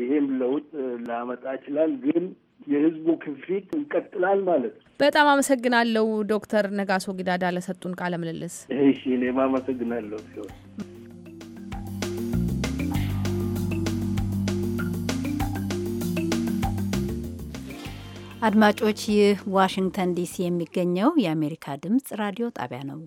ይሄም ለውጥ ላመጣ ይችላል ግን የህዝቡ ክፊት እንቀጥላል ማለት ነው። በጣም አመሰግናለሁ ዶክተር ነጋሶ ጊዳዳ ለሰጡን ቃለ ምልልስ። እሺ እኔም አመሰግናለሁ። አድማጮች ይህ ዋሽንግተን ዲሲ የሚገኘው የአሜሪካ ድምጽ ራዲዮ ጣቢያ ነው።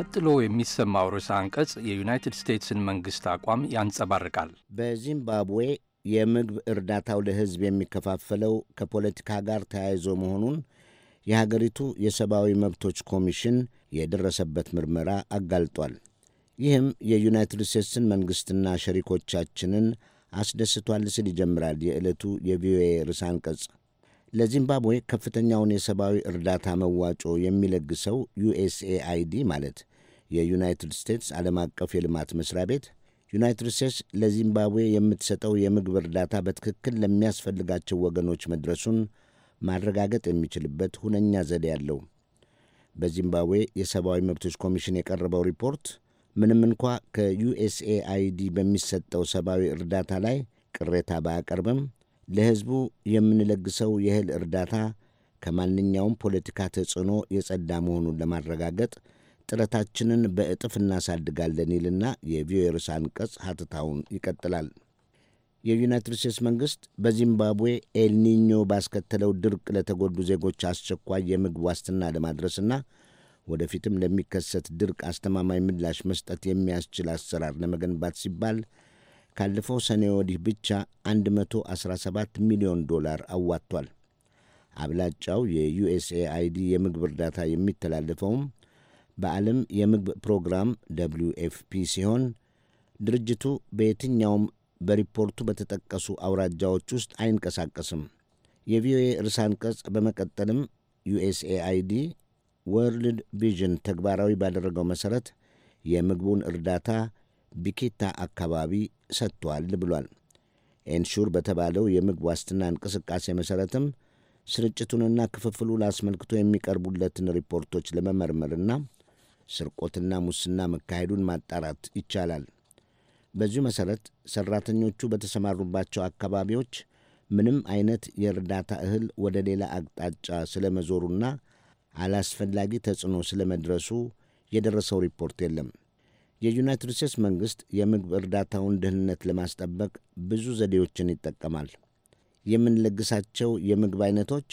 ቀጥሎ የሚሰማው ርዕሰ አንቀጽ የዩናይትድ ስቴትስን መንግሥት አቋም ያንጸባርቃል። በዚምባብዌ የምግብ እርዳታው ለሕዝብ የሚከፋፈለው ከፖለቲካ ጋር ተያይዞ መሆኑን የሀገሪቱ የሰብአዊ መብቶች ኮሚሽን የደረሰበት ምርመራ አጋልጧል። ይህም የዩናይትድ ስቴትስን መንግሥትና ሸሪኮቻችንን አስደስቷል ሲል ይጀምራል የዕለቱ የቪኦኤ ርዕሰ አንቀጽ። ለዚምባብዌ ከፍተኛውን የሰብአዊ እርዳታ መዋጮ የሚለግሰው ዩኤስኤአይዲ ማለት የዩናይትድ ስቴትስ ዓለም አቀፍ የልማት መስሪያ ቤት ዩናይትድ ስቴትስ ለዚምባብዌ የምትሰጠው የምግብ እርዳታ በትክክል ለሚያስፈልጋቸው ወገኖች መድረሱን ማረጋገጥ የሚችልበት ሁነኛ ዘዴ ያለው። በዚምባብዌ የሰብአዊ መብቶች ኮሚሽን የቀረበው ሪፖርት ምንም እንኳ ከዩኤስኤአይዲ በሚሰጠው ሰብአዊ እርዳታ ላይ ቅሬታ ባያቀርብም ለሕዝቡ የምንለግሰው የእህል እርዳታ ከማንኛውም ፖለቲካ ተጽዕኖ የጸዳ መሆኑን ለማረጋገጥ ጥረታችንን በእጥፍ እናሳድጋለን ይልና የቪኦኤ ርዕሰ አንቀጽ ሐተታውን ይቀጥላል። የዩናይትድ ስቴትስ መንግሥት በዚምባብዌ ኤልኒኞ ባስከተለው ድርቅ ለተጎዱ ዜጎች አስቸኳይ የምግብ ዋስትና ለማድረስና ወደፊትም ለሚከሰት ድርቅ አስተማማኝ ምላሽ መስጠት የሚያስችል አሰራር ለመገንባት ሲባል ካለፈው ሰኔ ወዲህ ብቻ 117 ሚሊዮን ዶላር አዋጥቷል። አብላጫው የዩኤስኤአይዲ የምግብ እርዳታ የሚተላለፈውም በዓለም የምግብ ፕሮግራም ደብሊው ኤፍፒ ሲሆን ድርጅቱ በየትኛውም በሪፖርቱ በተጠቀሱ አውራጃዎች ውስጥ አይንቀሳቀስም። የቪኦኤ ርዕሰ አንቀጽ በመቀጠልም ዩኤስኤአይዲ ወርልድ ቪዥን ተግባራዊ ባደረገው መሠረት የምግቡን እርዳታ ቢኬታ አካባቢ ሰጥቷል ብሏል። ኤንሹር በተባለው የምግብ ዋስትና እንቅስቃሴ መሠረትም ስርጭቱንና ክፍፍሉን አስመልክቶ የሚቀርቡለትን ሪፖርቶች ለመመርመርና ስርቆትና ሙስና መካሄዱን ማጣራት ይቻላል። በዚሁ መሠረት ሠራተኞቹ በተሰማሩባቸው አካባቢዎች ምንም አይነት የእርዳታ እህል ወደ ሌላ አቅጣጫ ስለመዞሩና አላስፈላጊ ተጽዕኖ ስለመድረሱ የደረሰው ሪፖርት የለም። የዩናይትድ ስቴትስ መንግሥት የምግብ እርዳታውን ደህንነት ለማስጠበቅ ብዙ ዘዴዎችን ይጠቀማል። የምንለግሳቸው የምግብ አይነቶች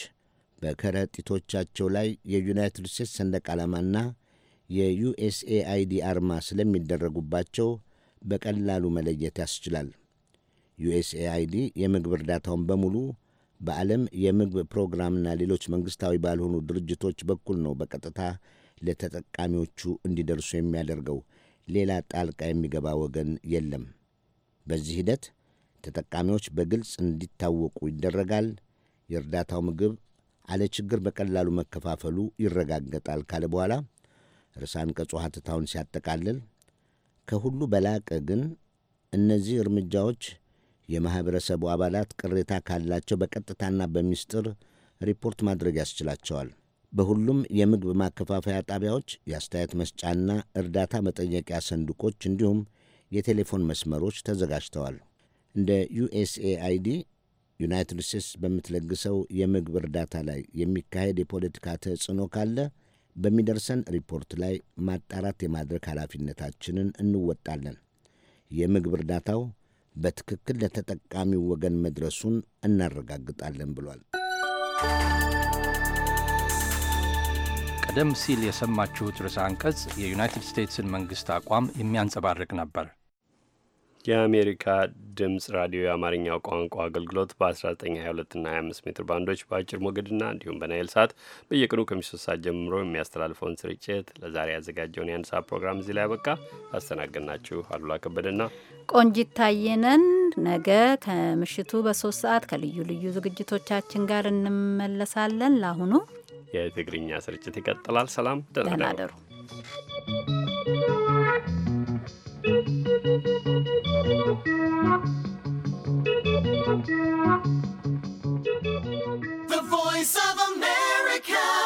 በከረጢቶቻቸው ላይ የዩናይትድ ስቴትስ ሰንደቅ ዓላማና የዩኤስኤአይዲ አርማ ስለሚደረጉባቸው በቀላሉ መለየት ያስችላል። ዩኤስኤአይዲ የምግብ እርዳታውን በሙሉ በዓለም የምግብ ፕሮግራምና ሌሎች መንግሥታዊ ባልሆኑ ድርጅቶች በኩል ነው በቀጥታ ለተጠቃሚዎቹ እንዲደርሱ የሚያደርገው። ሌላ ጣልቃ የሚገባ ወገን የለም። በዚህ ሂደት ተጠቃሚዎች በግልጽ እንዲታወቁ ይደረጋል። የእርዳታው ምግብ አለ ችግር በቀላሉ መከፋፈሉ ይረጋገጣል ካለ በኋላ ርዕሰ አንቀጹ ሐተታውን ሲያጠቃልል ከሁሉ በላቀ ግን እነዚህ እርምጃዎች የማኅበረሰቡ አባላት ቅሬታ ካላቸው በቀጥታና በሚስጥር ሪፖርት ማድረግ ያስችላቸዋል። በሁሉም የምግብ ማከፋፈያ ጣቢያዎች የአስተያየት መስጫና እርዳታ መጠየቂያ ሰንዱቆች እንዲሁም የቴሌፎን መስመሮች ተዘጋጅተዋል። እንደ ዩኤስኤአይዲ ዩናይትድ ስቴትስ በምትለግሰው የምግብ እርዳታ ላይ የሚካሄድ የፖለቲካ ተጽዕኖ ካለ በሚደርሰን ሪፖርት ላይ ማጣራት የማድረግ ኃላፊነታችንን እንወጣለን። የምግብ እርዳታው በትክክል ለተጠቃሚው ወገን መድረሱን እናረጋግጣለን ብሏል። ቀደም ሲል የሰማችሁት ርዕሰ አንቀጽ የዩናይትድ ስቴትስን መንግስት አቋም የሚያንጸባርቅ ነበር። የአሜሪካ ድምፅ ራዲዮ የአማርኛው ቋንቋ አገልግሎት በ1922 እና 25 ሜትር ባንዶች በአጭር ሞገድና እንዲሁም በናይል ሰዓት በየቀኑ ከምሽቱ ሰዓት ጀምሮ የሚያስተላልፈውን ስርጭት ለዛሬ ያዘጋጀውን የአንድ ሰዓት ፕሮግራም እዚህ ላይ ያበቃ። አስተናገድናችሁ አሉላ ከበደና ቆንጂት ታየነን። ነገ ከምሽቱ በሶስት ሰዓት ከልዩ ልዩ ዝግጅቶቻችን ጋር እንመለሳለን። ለአሁኑ የትግርኛ ስርጭት ይቀጥላል። ሰላም፣ ደህና ደሩ። The Voice of America